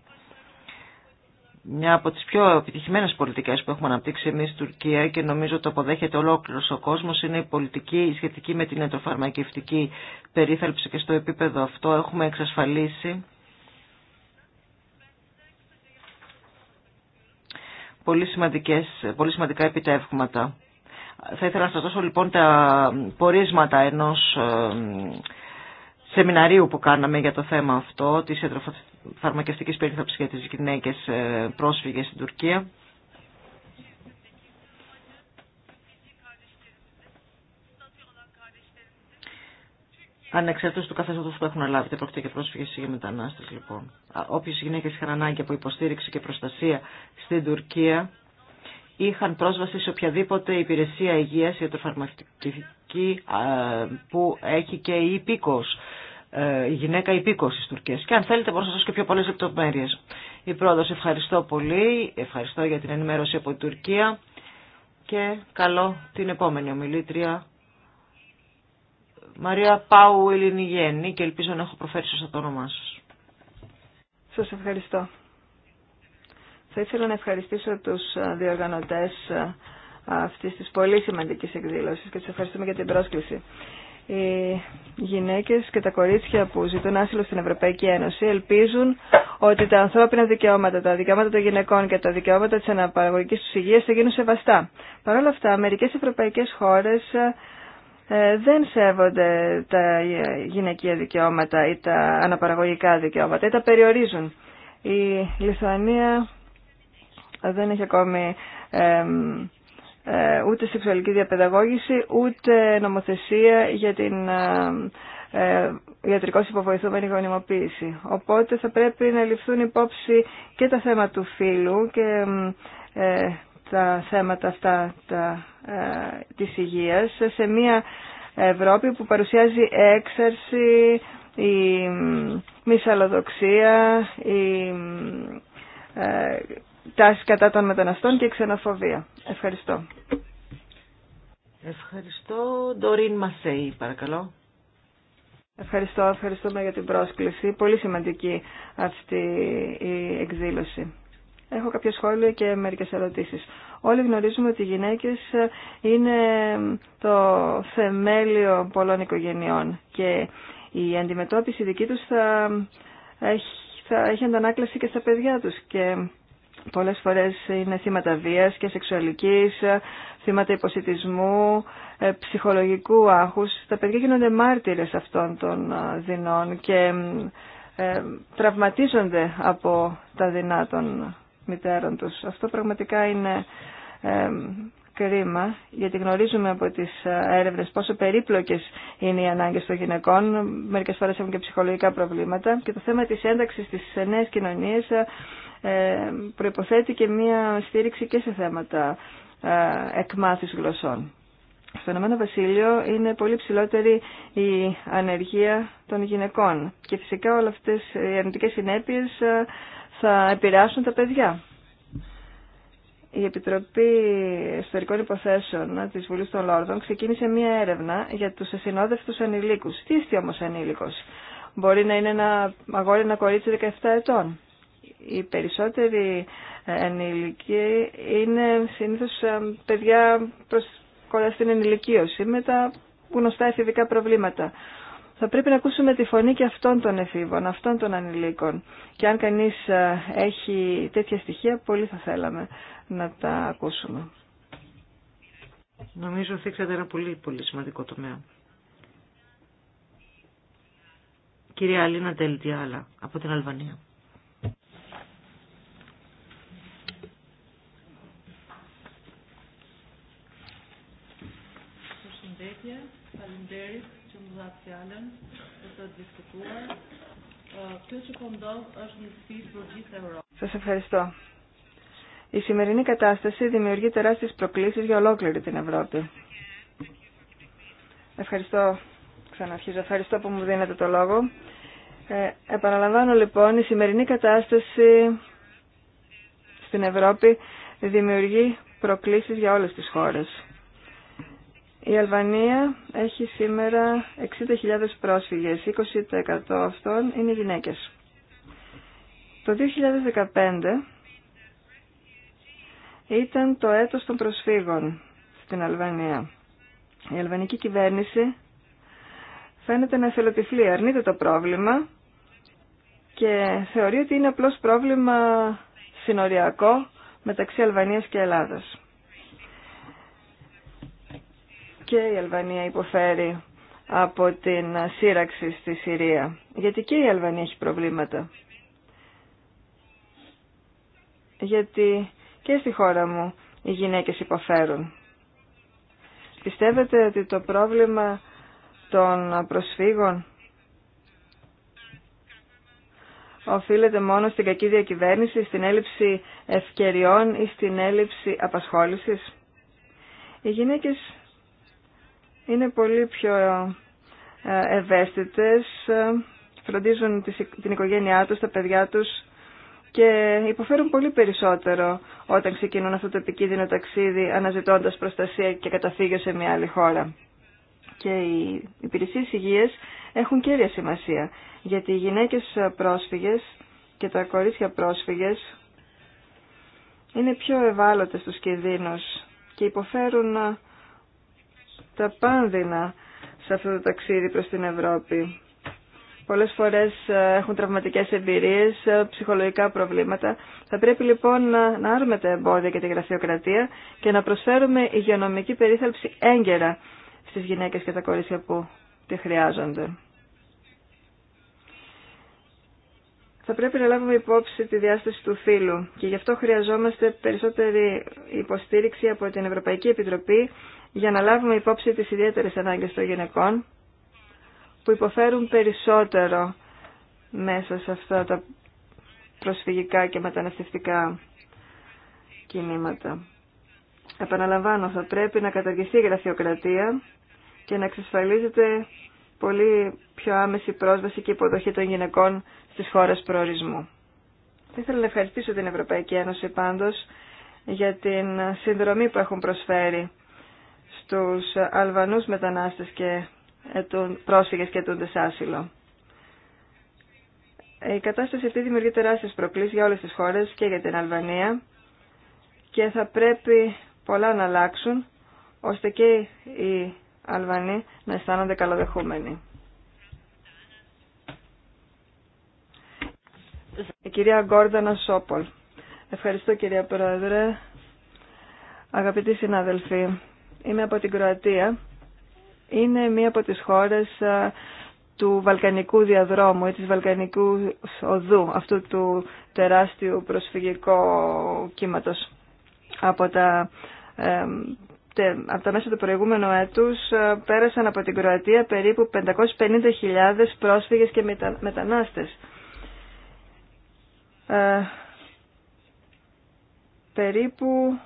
μια από τις πιο επιτυχημένες πολιτικές που έχουμε αναπτύξει εμείς στην Τουρκία και νομίζω το αποδέχεται ολόκληρος ο κόσμος είναι η πολιτική σχετική με την ετροφαρμακευτική περίθαλψη και στο επίπεδο αυτό έχουμε εξασφαλίσει πολύ, σημαντικές, πολύ σημαντικά επιτεύγματα. Θα ήθελα να σας δώσω λοιπόν τα πορίσματα ενός ε, σεμιναρίου που κάναμε για το θέμα αυτό της φαρμακευτικής περίθαψης για τις γυναίκες ε, πρόσφυγες στην Τουρκία. Ανεξαρτήτως του καθεστώτος που έχουν λάβει, πρόκειται για πρόσφυγες ή για μετανάστες λοιπόν. Όποιες γυναίκες είχαν ανάγκη από υποστήριξη και προστασία στην Τουρκία, είχαν πρόσβαση σε οποιαδήποτε υπηρεσία υγείας ιατροφαρμακευτική που έχει και η υπήκος. Ε, η γυναίκα υπήκοσης Τουρκίας. Και αν θέλετε μπορώ να σας και πιο πολλές λεπτομέρειες. Η πρόεδρος ευχαριστώ πολύ, ευχαριστώ για την ενημέρωση από την Τουρκία και καλό την επόμενη ομιλήτρια. Μαρία Πάου Ελληνιγέννη και ελπίζω να έχω προφέρει σωστά το όνομά σας. Σας ευχαριστώ. Θα ήθελα να ευχαριστήσω τους διοργανωτές ε, αυτής της πολύ σημαντικής εκδήλωσης και τους ευχαριστούμε για την πρόσκληση οι γυναίκες και τα κορίτσια που ζητούν άσυλο στην Ευρωπαϊκή Ένωση ελπίζουν ότι τα ανθρώπινα δικαιώματα, τα δικαιώματα των γυναικών και τα δικαιώματα της αναπαραγωγικής τους υγείας θα γίνουν σεβαστά. Παρ' όλα αυτά, μερικές ευρωπαϊκές χώρες ε, δεν σέβονται τα γυναικεία δικαιώματα ή τα αναπαραγωγικά δικαιώματα ή τα περιορίζουν. Η Λιθουανία δεν έχει ακόμη... Ε, ε, ούτε σεξουαλική διαπαιδαγώγηση, ούτε νομοθεσία για την ε, ε, ιατρικώς υποβοηθούμενη γονιμοποίηση. Οπότε θα πρέπει να ληφθούν υπόψη και τα θέματα του φύλου και ε, τα θέματα αυτά τα, ε, της υγείας σε μια Ευρώπη που παρουσιάζει έξαρση, η μυσαλλοδοξία, η τάση κατά των μεταναστών και ξενοφοβία. Ευχαριστώ. Ευχαριστώ. Ντορίν Μασέη, παρακαλώ. Ευχαριστώ, ευχαριστούμε για την πρόσκληση. Πολύ σημαντική αυτή η εκδήλωση. Έχω κάποια σχόλια και μερικές ερωτήσεις. Όλοι γνωρίζουμε ότι οι γυναίκες είναι το θεμέλιο πολλών οικογενειών και η αντιμετώπιση δική τους θα έχει, θα έχει αντανάκλαση και στα παιδιά τους και Πολλές φορές είναι θύματα βίας και σεξουαλικής, θύματα υποσυτισμού, ε, ψυχολογικού άγχους. Τα παιδιά γίνονται μάρτυρες αυτών των ε, δεινών και ε, τραυματίζονται από τα δεινά των μητέρων τους. Αυτό πραγματικά είναι κρίμα, γιατί γνωρίζουμε από τις έρευνες πόσο περίπλοκες είναι οι ανάγκες των γυναικών. Μερικές φορές έχουν και ψυχολογικά προβλήματα. Και το θέμα της ένταξης στις νέες κοινωνίες ε, προϋποθέτει και μία στήριξη και σε θέματα ε, εκμάθησης γλωσσών. Στο Ηνωμένο Βασίλειο είναι πολύ ψηλότερη η ανεργία των γυναικών και φυσικά όλες αυτές οι αρνητικές συνέπειες ε, θα επηρεάσουν τα παιδιά. Η Επιτροπή Ιστορικών Υποθέσεων της Βουλής των Λόρδων ξεκίνησε μία έρευνα για τους ασυνόδευτους ανηλίκους. Τι είστε όμως ανήλικος. Μπορεί να είναι ένα αγόρι, ένα κορίτσι 17 ετών οι περισσότεροι ενηλικοί είναι συνήθως ε, παιδιά προς κοντά στην ενηλικίωση με τα γνωστά εφηβικά προβλήματα. Θα πρέπει να ακούσουμε τη φωνή και αυτών των εφήβων, αυτών των ανηλίκων. Και αν κανείς ε, έχει τέτοια στοιχεία, πολύ θα θέλαμε να τα ακούσουμε. Νομίζω θίξατε ένα πολύ, πολύ σημαντικό τομέα. Κυρία Αλίνα Τελτιάλα, από την Αλβανία. Σα Σας ευχαριστώ. Η σημερινή κατάσταση δημιουργεί τεράστιες προκλήσεις για ολόκληρη την Ευρώπη. Ευχαριστώ. Ξαναρχίζω. Ευχαριστώ που μου δίνετε το λόγο. Ε, επαναλαμβάνω λοιπόν, η σημερινή κατάσταση στην Ευρώπη δημιουργεί προκλήσεις για όλες τις χώρες. Η Αλβανία έχει σήμερα 60.000 πρόσφυγες, 20% αυτών είναι γυναίκες. Το 2015 ήταν το έτος των προσφύγων στην Αλβανία. Η αλβανική κυβέρνηση φαίνεται να θελοτυφλεί, αρνείται το πρόβλημα και θεωρεί ότι είναι απλώς πρόβλημα συνοριακό μεταξύ Αλβανίας και Ελλάδας και η Αλβανία υποφέρει από την σύραξη στη Συρία. Γιατί και η Αλβανία έχει προβλήματα. Γιατί και στη χώρα μου οι γυναίκες υποφέρουν. Πιστεύετε ότι το πρόβλημα των προσφύγων οφείλεται μόνο στην κακή διακυβέρνηση, στην έλλειψη ευκαιριών ή στην έλλειψη απασχόλησης. Οι γυναίκες είναι πολύ πιο ε, ευαίσθητες, ε, φροντίζουν την οικογένειά τους, τα παιδιά τους και υποφέρουν πολύ περισσότερο όταν ξεκινούν αυτό το επικίνδυνο ταξίδι αναζητώντας προστασία και καταφύγιο σε μια άλλη χώρα. Και οι υπηρεσίες υγεία έχουν κέρια σημασία, γιατί οι γυναίκες πρόσφυγες και τα κορίτσια πρόσφυγες είναι πιο ευάλωτες στους κινδύνους και υποφέρουν ε, τα πάνδυνα σε αυτό το ταξίδι προς την Ευρώπη. Πολλές φορές ε, έχουν τραυματικές εμπειρίες, ε, ψυχολογικά προβλήματα. Θα πρέπει λοιπόν να άρουμε τα εμπόδια και τη γραφειοκρατία και να προσφέρουμε υγειονομική περίθαλψη έγκαιρα στις γυναίκες και τα κορίτσια που τη χρειάζονται. Θα πρέπει να λάβουμε υπόψη τη διάσταση του φύλου και γι' αυτό χρειαζόμαστε περισσότερη υποστήριξη από την Ευρωπαϊκή Επιτροπή για να λάβουμε υπόψη τις ιδιαίτερες ανάγκες των γυναικών που υποφέρουν περισσότερο μέσα σε αυτά τα προσφυγικά και μεταναστευτικά κινήματα. Επαναλαμβάνω, θα πρέπει να καταργηθεί η γραφειοκρατία και να εξασφαλίζεται πολύ πιο άμεση πρόσβαση και υποδοχή των γυναικών στις χώρες προορισμού. Θα ήθελα να ευχαριστήσω την Ευρωπαϊκή Ένωση πάντως για την συνδρομή που έχουν προσφέρει τους Αλβανούς μετανάστες και πρόσφυγες και τον άσυλο. Η κατάσταση αυτή δημιουργεί τεράστιες προκλήσεις για όλες τις χώρες και για την Αλβανία και θα πρέπει πολλά να αλλάξουν ώστε και οι Αλβανοί να αισθάνονται καλοδεχούμενοι. Η κυρία Γκόρδανα Σόπολ. Ευχαριστώ κυρία Πρόεδρε. Αγαπητοί συνάδελφοι, Είμαι από την Κροατία. Είναι μία από τις χώρες του Βαλκανικού διαδρόμου ή της Βαλκανικού οδού, αυτού του τεράστιου προσφυγικού κύματος. Από τα, από τα μέσα του προηγούμενου έτους πέρασαν από την Κροατία περίπου 550.000 πρόσφυγες και μετα, μετανάστες. Ε, περίπου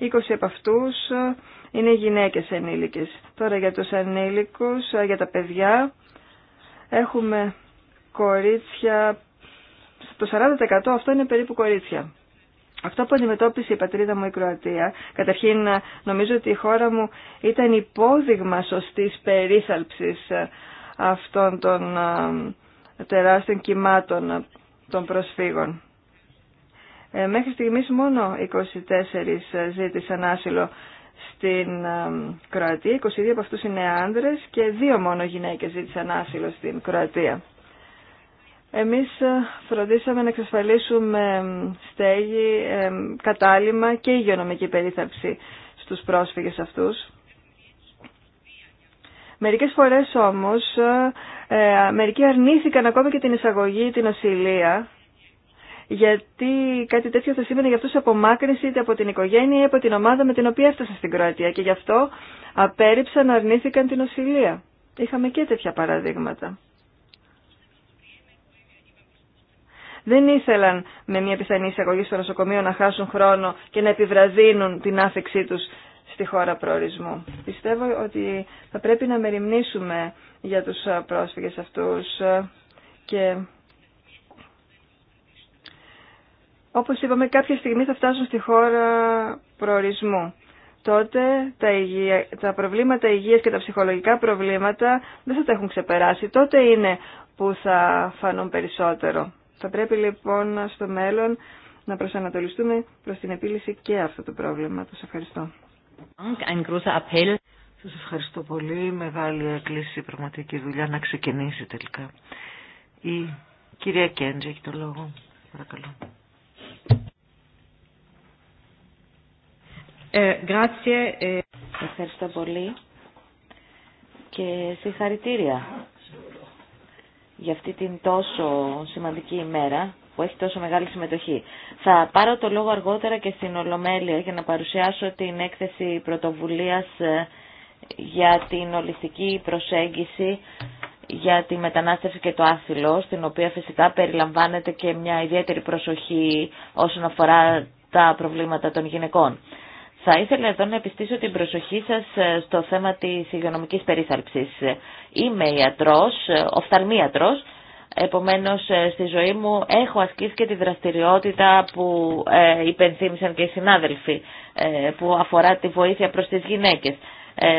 20 από αυτούς είναι γυναίκες ενήλικες. Τώρα για τους ανήλικους, για τα παιδιά, έχουμε κορίτσια, το 40% αυτό είναι περίπου κορίτσια. Αυτό που αντιμετώπισε η πατρίδα μου η Κροατία, καταρχήν νομίζω ότι η χώρα μου ήταν υπόδειγμα σωστής περίθαλψης αυτών των ε, τεράστιων κυμάτων των προσφύγων. Ε, μέχρι στιγμής μόνο 24 ε, ζήτησαν άσυλο στην ε, Κροατία, 22 από αυτούς είναι άνδρες και δύο μόνο γυναίκες ζήτησαν άσυλο στην Κροατία. Εμείς φροντίσαμε να εξασφαλίσουμε στέγη, κατάλημα και υγειονομική περίθαψη στους πρόσφυγες αυτούς. Μερικές φορές όμως, μερικοί αρνήθηκαν ακόμη και την εισαγωγή ή την ασυλία γιατί κάτι τέτοιο θα σήμαινε για αυτούς απομάκρυνση είτε από την οικογένεια ή από την ομάδα με την οποία έφτασαν στην Κροατία και γι' αυτό απέρριψαν, αρνήθηκαν την οσυλία. Είχαμε και τέτοια παραδείγματα. Δεν ήθελαν με μια πιθανή εισαγωγή στο νοσοκομείο να χάσουν χρόνο και να επιβραδύνουν την άφηξή τους στη χώρα προορισμού. Πιστεύω ότι θα πρέπει να μεριμνήσουμε για τους πρόσφυγες αυτούς και Όπως είπαμε, κάποια στιγμή θα φτάσουν στη χώρα προορισμού. Τότε τα, προβλήματα υγείας και τα ψυχολογικά προβλήματα δεν θα τα έχουν ξεπεράσει. Τότε είναι που θα φανούν περισσότερο. Θα πρέπει λοιπόν στο μέλλον να προσανατολιστούμε προς την επίλυση και αυτού του πρόβλημα. Σας ευχαριστώ. Σας ευχαριστώ πολύ. Μεγάλη έκκληση, πραγματική δουλειά να ξεκινήσει τελικά. Η κυρία Κέντζη έχει το λόγο. Παρακαλώ. Ε, ε. Ευχαριστώ πολύ και συγχαρητήρια για αυτή την τόσο σημαντική ημέρα που έχει τόσο μεγάλη συμμετοχή. Θα πάρω το λόγο αργότερα και στην Ολομέλεια για να παρουσιάσω την έκθεση πρωτοβουλίας ε, για την ολιστική προσέγγιση για τη μετανάστευση και το άθυλο, στην οποία φυσικά περιλαμβάνεται και μια ιδιαίτερη προσοχή όσον αφορά τα προβλήματα των γυναικών. Θα ήθελα εδώ να επιστήσω την προσοχή σας ε, στο θέμα της υγειονομικής περίθαλψης. Είμαι ιατρός, ε, οφθαλμίατρος, Επομένως, ε, στη ζωή μου έχω ασκήσει και τη δραστηριότητα που υπενθύμησαν και οι συνάδελφοι που αφορά τη βοήθεια προς τις γυναίκες.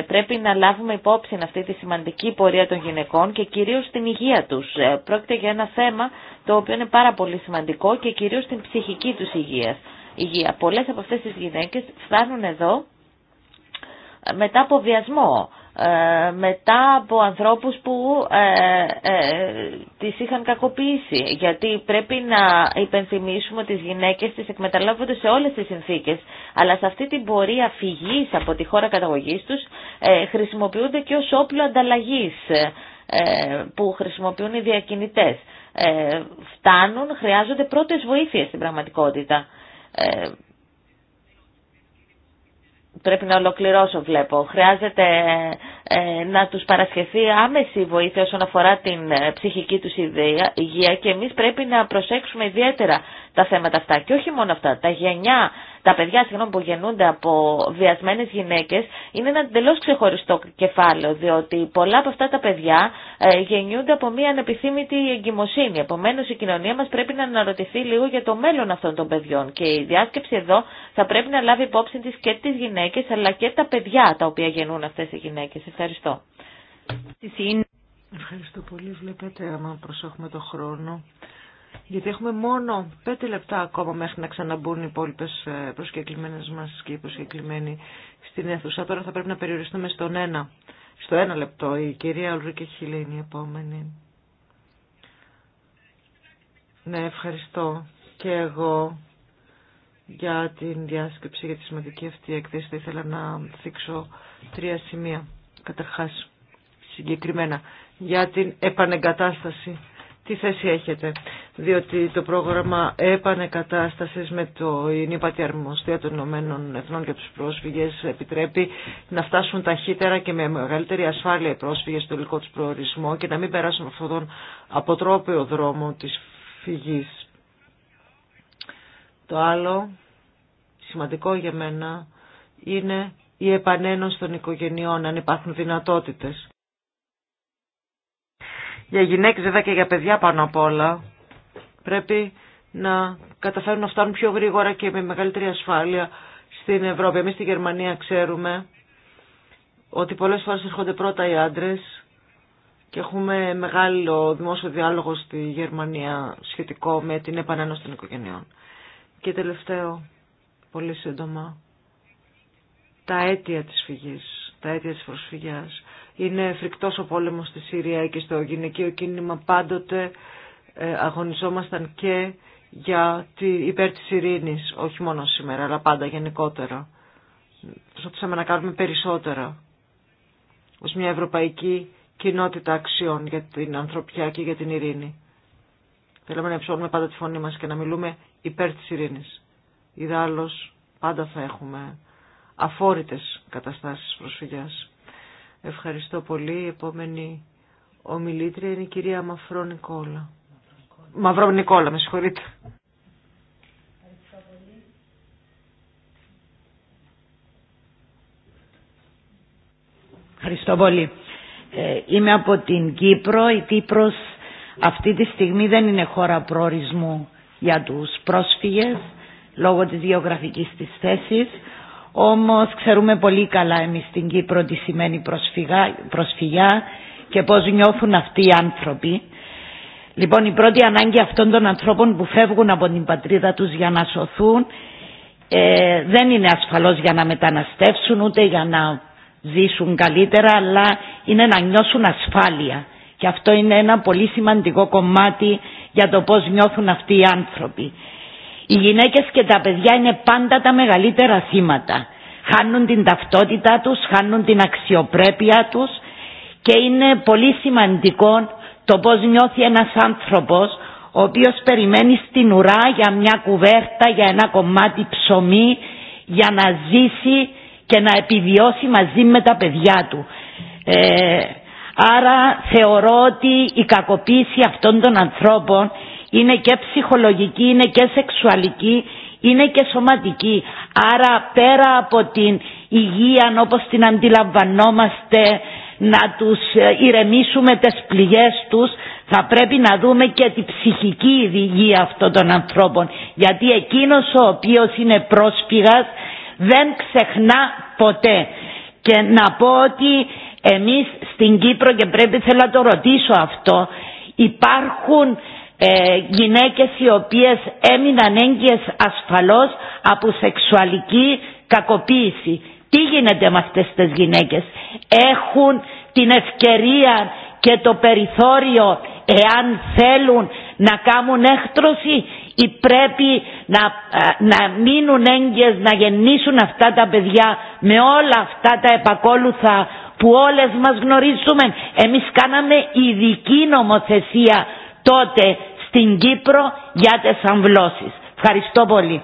Πρέπει να λάβουμε υπόψη αυτή τη σημαντική πορεία των γυναικών και κυρίως την υγεία τους. Πρόκειται για ένα θέμα το οποίο είναι πάρα πολύ σημαντικό και κυρίως την ψυχική τους υγεία υγεία. Πολλές από αυτές τις γυναίκες φτάνουν εδώ ε, μετά από βιασμό, ε, μετά από ανθρώπους που ε, ε, τις είχαν κακοποιήσει. Γιατί πρέπει να υπενθυμίσουμε ότι τις γυναίκες τις εκμεταλλεύονται σε όλες τις συνθήκες. Αλλά σε αυτή την πορεία φυγής από τη χώρα καταγωγής τους ε, χρησιμοποιούνται και ως όπλο ανταλλαγής που χρησιμοποιούν οι διακινητές. φτάνουν, χρειάζονται πρώτες βοήθειες στην πραγματικότητα. Ε, πρέπει να ολοκληρώσω βλέπω. Χρειάζεται ε, να τους παρασχεθεί άμεση βοήθεια όσον αφορά την ε, ψυχική τους υγεία και εμείς πρέπει να προσέξουμε ιδιαίτερα τα θέματα αυτά. Και όχι μόνο αυτά. Τα τα παιδιά συγγνώμη, που γεννούνται από βιασμένε γυναίκε είναι ένα εντελώ ξεχωριστό κεφάλαιο, διότι πολλά από αυτά τα παιδιά ε, γεννιούνται από μια ανεπιθύμητη εγκυμοσύνη. Επομένω, η κοινωνία μα πρέπει να αναρωτηθεί λίγο για το μέλλον αυτών των παιδιών. Και η διάσκεψη εδώ θα πρέπει να λάβει υπόψη τη και τι γυναίκε, αλλά και τα παιδιά τα οποία γεννούν αυτέ οι γυναίκε. Ευχαριστώ. Ευχαριστώ πολύ. Βλέπετε, άμα προσέχουμε το χρόνο, γιατί έχουμε μόνο πέντε λεπτά ακόμα μέχρι να ξαναμπούν οι υπόλοιπε προσκεκλημένε μα και οι προσκεκλημένοι στην αίθουσα. Τώρα θα πρέπει να περιοριστούμε στον ένα. Στο ένα λεπτό η κυρία Ολρίκε Χίλε η επόμενη. Ναι, ευχαριστώ και εγώ για την διάσκεψη για τη σημαντική αυτή εκθέση. Θα ήθελα να δείξω τρία σημεία. Καταρχάς, συγκεκριμένα, για την επανεγκατάσταση. Τι θέση έχετε διότι το πρόγραμμα επανεκατάστασης με το Ινήπατη Αρμοστία των Ηνωμένων Εθνών για τους πρόσφυγες επιτρέπει να φτάσουν ταχύτερα και με μεγαλύτερη ασφάλεια οι πρόσφυγες στο υλικό τους προορισμό και να μην περάσουν αυτόν τον αποτρόπαιο δρόμο της φυγής. Το άλλο σημαντικό για μένα είναι η επανένωση των οικογενειών, αν υπάρχουν δυνατότητες. Για γυναίκες βέβαια και για παιδιά πάνω απ' όλα, πρέπει να καταφέρουν να φτάνουν πιο γρήγορα και με μεγαλύτερη ασφάλεια στην Ευρώπη. Εμείς στη Γερμανία ξέρουμε ότι πολλές φορές έρχονται πρώτα οι άντρες και έχουμε μεγάλο δημόσιο διάλογο στη Γερμανία σχετικό με την επανένωση των οικογενειών. Και τελευταίο, πολύ σύντομα, τα αίτια της φυγής, τα αίτια της προσφυγιάς. Είναι φρικτός ο πόλεμος στη Συρία και στο γυναικείο κίνημα πάντοτε ε, αγωνιζόμασταν και για τη, υπέρ της ειρήνης, όχι μόνο σήμερα, αλλά πάντα γενικότερα. Προσπαθούσαμε να κάνουμε περισσότερα ως μια ευρωπαϊκή κοινότητα αξιών για την ανθρωπιά και για την ειρήνη. Θέλαμε να υψώνουμε πάντα τη φωνή μας και να μιλούμε υπέρ της ειρήνης. Ιδάλλως πάντα θα έχουμε αφόρητες καταστάσεις προσφυγιάς. Ευχαριστώ πολύ. Η επόμενη ομιλήτρια είναι η κυρία Νικόλα. Μαυρό Νικόλα, με συγχωρείτε. Ευχαριστώ πολύ. Ε, είμαι από την Κύπρο. Η Κύπρος αυτή τη στιγμή δεν είναι χώρα προορισμού για τους πρόσφυγες λόγω της γεωγραφικής της θέσης. Όμως ξέρουμε πολύ καλά εμείς στην Κύπρο τι σημαίνει προσφυγιά και πώς νιώθουν αυτοί οι άνθρωποι. Λοιπόν, η πρώτη ανάγκη αυτών των ανθρώπων που φεύγουν από την πατρίδα τους για να σωθούν ε, δεν είναι ασφαλώς για να μεταναστεύσουν ούτε για να ζήσουν καλύτερα αλλά είναι να νιώσουν ασφάλεια και αυτό είναι ένα πολύ σημαντικό κομμάτι για το πώς νιώθουν αυτοί οι άνθρωποι. Οι γυναίκες και τα παιδιά είναι πάντα τα μεγαλύτερα θύματα. Χάνουν την ταυτότητά τους, χάνουν την αξιοπρέπεια τους και είναι πολύ σημαντικό το πώς νιώθει ένας άνθρωπος ο οποίος περιμένει στην ουρά για μια κουβέρτα, για ένα κομμάτι ψωμί, για να ζήσει και να επιβιώσει μαζί με τα παιδιά του. Ε, άρα θεωρώ ότι η κακοποίηση αυτών των ανθρώπων είναι και ψυχολογική, είναι και σεξουαλική, είναι και σωματική. Άρα πέρα από την υγεία όπως την αντιλαμβανόμαστε να τους ε, ηρεμήσουμε τις πληγές τους θα πρέπει να δούμε και τη ψυχική υγεία αυτών των ανθρώπων γιατί εκείνος ο οποίος είναι πρόσφυγας δεν ξεχνά ποτέ και να πω ότι εμείς στην Κύπρο και πρέπει θέλω να το ρωτήσω αυτό υπάρχουν ε, γυναίκες οι οποίες έμειναν έγκυες ασφαλώς από σεξουαλική κακοποίηση τι γίνεται με αυτές τις γυναίκες. Έχουν την ευκαιρία και το περιθώριο εάν θέλουν να κάνουν έκτρωση ή πρέπει να, να μείνουν έγκυες να γεννήσουν αυτά τα παιδιά με όλα αυτά τα επακόλουθα που όλες μας γνωρίζουμε. Εμείς κάναμε ειδική νομοθεσία τότε στην Κύπρο για τις αμβλώσεις. Ευχαριστώ πολύ.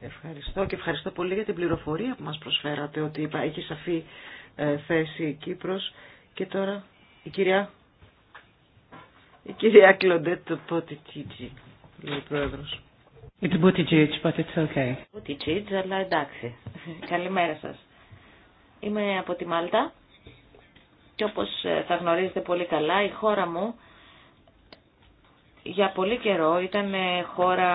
Ευχαριστώ και ευχαριστώ πολύ για την πληροφορία που μας προσφέρατε ότι έχει σαφή ε, θέση η Κύπρος. Και τώρα η κυρία, η κυρία Κλοντέτ Ποτιτζίτζι, λέει ο πρόεδρος. It's Buttigieg, αλλά εντάξει. Καλημέρα σας. Είμαι από τη Μάλτα και όπως ε, θα γνωρίζετε πολύ καλά η χώρα μου για πολύ καιρό ήταν ε, χώρα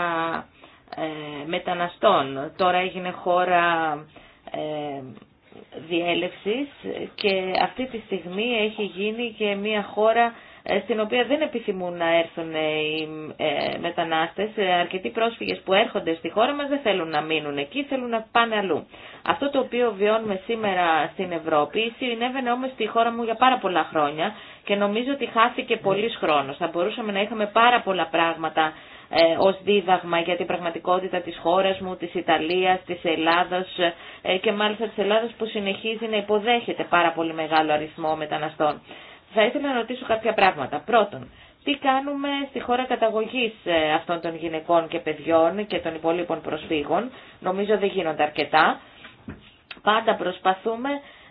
ε, μεταναστών. Τώρα έγινε χώρα ε, διέλευσης και αυτή τη στιγμή έχει γίνει και μια χώρα ε, στην οποία δεν επιθυμούν να έρθουν ε, οι ε, μετανάστες. Αρκετοί πρόσφυγες που έρχονται στη χώρα μας δεν θέλουν να μείνουν εκεί, θέλουν να πάνε αλλού. Αυτό το οποίο βιώνουμε σήμερα στην Ευρώπη συνέβαινε όμως στη χώρα μου για πάρα πολλά χρόνια και νομίζω ότι χάθηκε πολλής χρόνος. Θα μπορούσαμε να είχαμε πάρα πολλά πράγματα ως δίδαγμα για την πραγματικότητα της χώρας μου, της Ιταλίας, της Ελλάδος και μάλιστα της Ελλάδας που συνεχίζει να υποδέχεται πάρα πολύ μεγάλο αριθμό μεταναστών. Θα ήθελα να ρωτήσω κάποια πράγματα. Πρώτον, τι κάνουμε στη χώρα καταγωγής ε, αυτών των γυναικών και παιδιών και των υπολείπων προσφύγων. Νομίζω δεν γίνονται αρκετά. Πάντα προσπαθούμε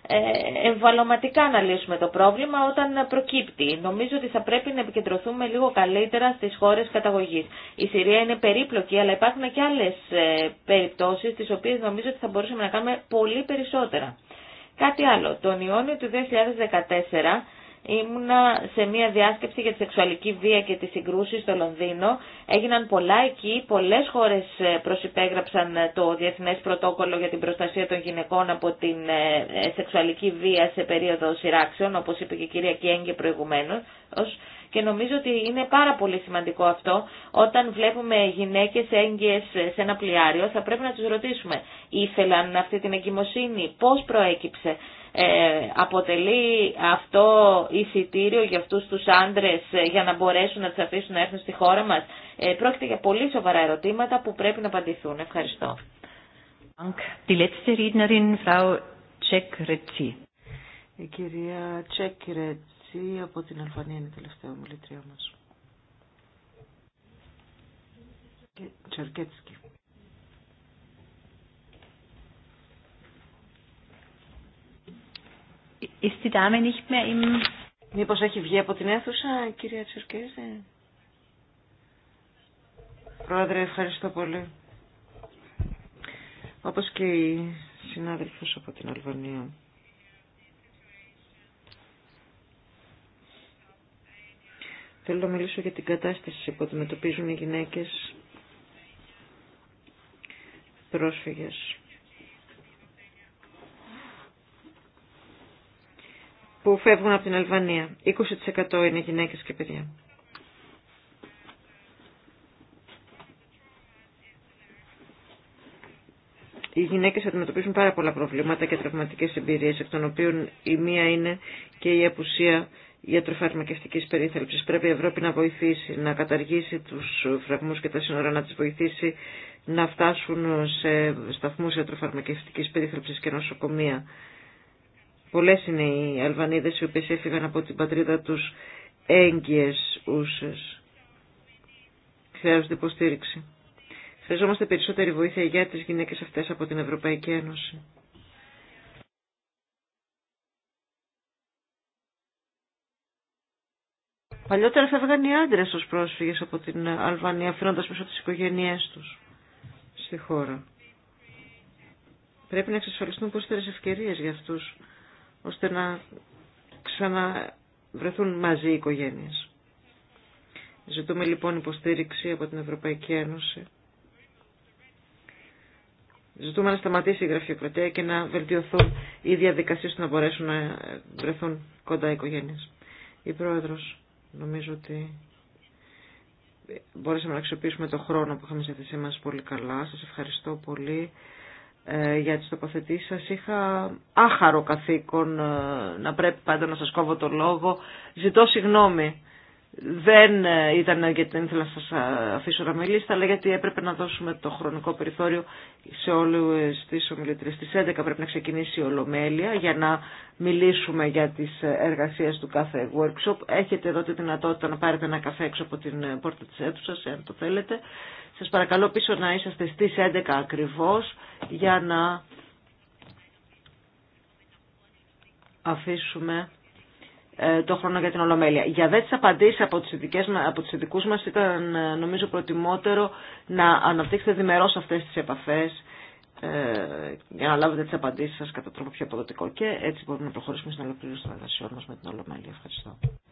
ε, εμβαλωματικά να λύσουμε το πρόβλημα όταν προκύπτει. Νομίζω ότι θα πρέπει να επικεντρωθούμε λίγο καλύτερα στις χώρες καταγωγής. Η Συρία είναι περίπλοκη, αλλά υπάρχουν και άλλες ε, περιπτώσεις, τις οποίες νομίζω ότι θα μπορούσαμε να κάνουμε πολύ περισσότερα. Κάτι άλλο. Τον Ιόνιο του 2014 ήμουνα σε μια διάσκεψη για τη σεξουαλική βία και τις συγκρούσεις στο Λονδίνο. Έγιναν πολλά εκεί, πολλές χώρες ε, προσυπέγραψαν ε, το Διεθνές Πρωτόκολλο για την Προστασία των Γυναικών από την ε, σεξουαλική βία σε περίοδο σειράξεων, όπως είπε και η κυρία Κιέγγε προηγουμένως. Και νομίζω ότι είναι πάρα πολύ σημαντικό αυτό. Όταν βλέπουμε γυναίκες έγκυες σε ένα πλοιάριο θα πρέπει να τους ρωτήσουμε ήθελαν αυτή την εγκυμοσύνη, πώς προέκυψε, ε, αποτελεί αυτό εισιτήριο για αυτούς τους άντρες ε, για να μπορέσουν να τους αφήσουν να έρθουν στη χώρα μας. Ε, πρόκειται για πολύ σοβαρά ερωτήματα που πρέπει να απαντηθούν. Ευχαριστώ. Η κυρία Τσέκρετσι από την Αλβανία είναι η τελευταία ομιλητρία μας. Ist die Dame nicht mehr im... Μήπως έχει βγει από την αίθουσα, κυρία Τσερκέζη. Πρόεδρε, ευχαριστώ πολύ. Όπως και οι συνάδελφος από την Αλβανία. Θέλω να μιλήσω για την κατάσταση που αντιμετωπίζουν οι γυναίκες πρόσφυγες που φεύγουν από την Αλβανία. 20% είναι γυναίκες και παιδιά. Οι γυναίκες αντιμετωπίζουν πάρα πολλά προβλήματα και τραυματικές εμπειρίες, εκ των οποίων η μία είναι και η απουσία ιατροφαρμακευτικής περίθαλψης. Πρέπει η Ευρώπη να βοηθήσει, να καταργήσει τους φραγμούς και τα σύνορα, να τις βοηθήσει να φτάσουν σε σταθμούς ιατροφαρμακευτικής περίθαλψης και νοσοκομεία Πολλές είναι οι Αλβανίδες οι οποίες έφυγαν από την πατρίδα τους έγκυες ούσες. Χρειάζονται υποστήριξη. Χρειαζόμαστε περισσότερη βοήθεια για τις γυναίκες αυτές από την Ευρωπαϊκή Ένωση. Παλιότερα θα έβγαν οι άντρε ω πρόσφυγε από την Αλβανία, αφήνοντα πίσω τι οικογένειέ του στη χώρα. Πρέπει να εξασφαλιστούν περισσότερε ευκαιρίε για αυτού ώστε να ξαναβρεθούν μαζί οι οικογένειες. Ζητούμε λοιπόν υποστήριξη από την Ευρωπαϊκή Ένωση. Ζητούμε να σταματήσει η γραφειοκρατία και να βελτιωθούν οι διαδικασίες ώστε να μπορέσουν να βρεθούν κοντά οι οικογένειες. Η Πρόεδρος νομίζω ότι μπορέσαμε να αξιοποιήσουμε το χρόνο που είχαμε σε θέση μας πολύ καλά. Σας ευχαριστώ πολύ. Ε, για τις τοποθετήσεις σας είχα άχαρο καθήκον ε, να πρέπει πάντα να σας κόβω το λόγο. Ζητώ συγγνώμη. Δεν ε, ήταν γιατί δεν ήθελα να σας αφήσω να μιλήσετε, αλλά γιατί έπρεπε να δώσουμε το χρονικό περιθώριο σε όλες τις ομιλητρίες. Στις 11 πρέπει να ξεκινήσει η Ολομέλεια για να μιλήσουμε για τις εργασίες του κάθε workshop. Έχετε εδώ τη δυνατότητα να πάρετε ένα καφέ έξω από την πόρτα της αίθουσας, εάν το θέλετε. Σας παρακαλώ πίσω να είσαστε στις 11 ακριβώς για να αφήσουμε ε, το χρόνο για την Ολομέλεια. Για δε τις απαντήσεις από τους, ειδικές, από τους ειδικούς μας ήταν ε, νομίζω προτιμότερο να αναπτύξετε διμερώς αυτές τις επαφές ε, για να λάβετε τις απαντήσεις σας κατά τρόπο πιο αποδοτικό και έτσι μπορούμε να προχωρήσουμε στην ολοκλήρωση των μας με την Ολομέλεια. Ευχαριστώ.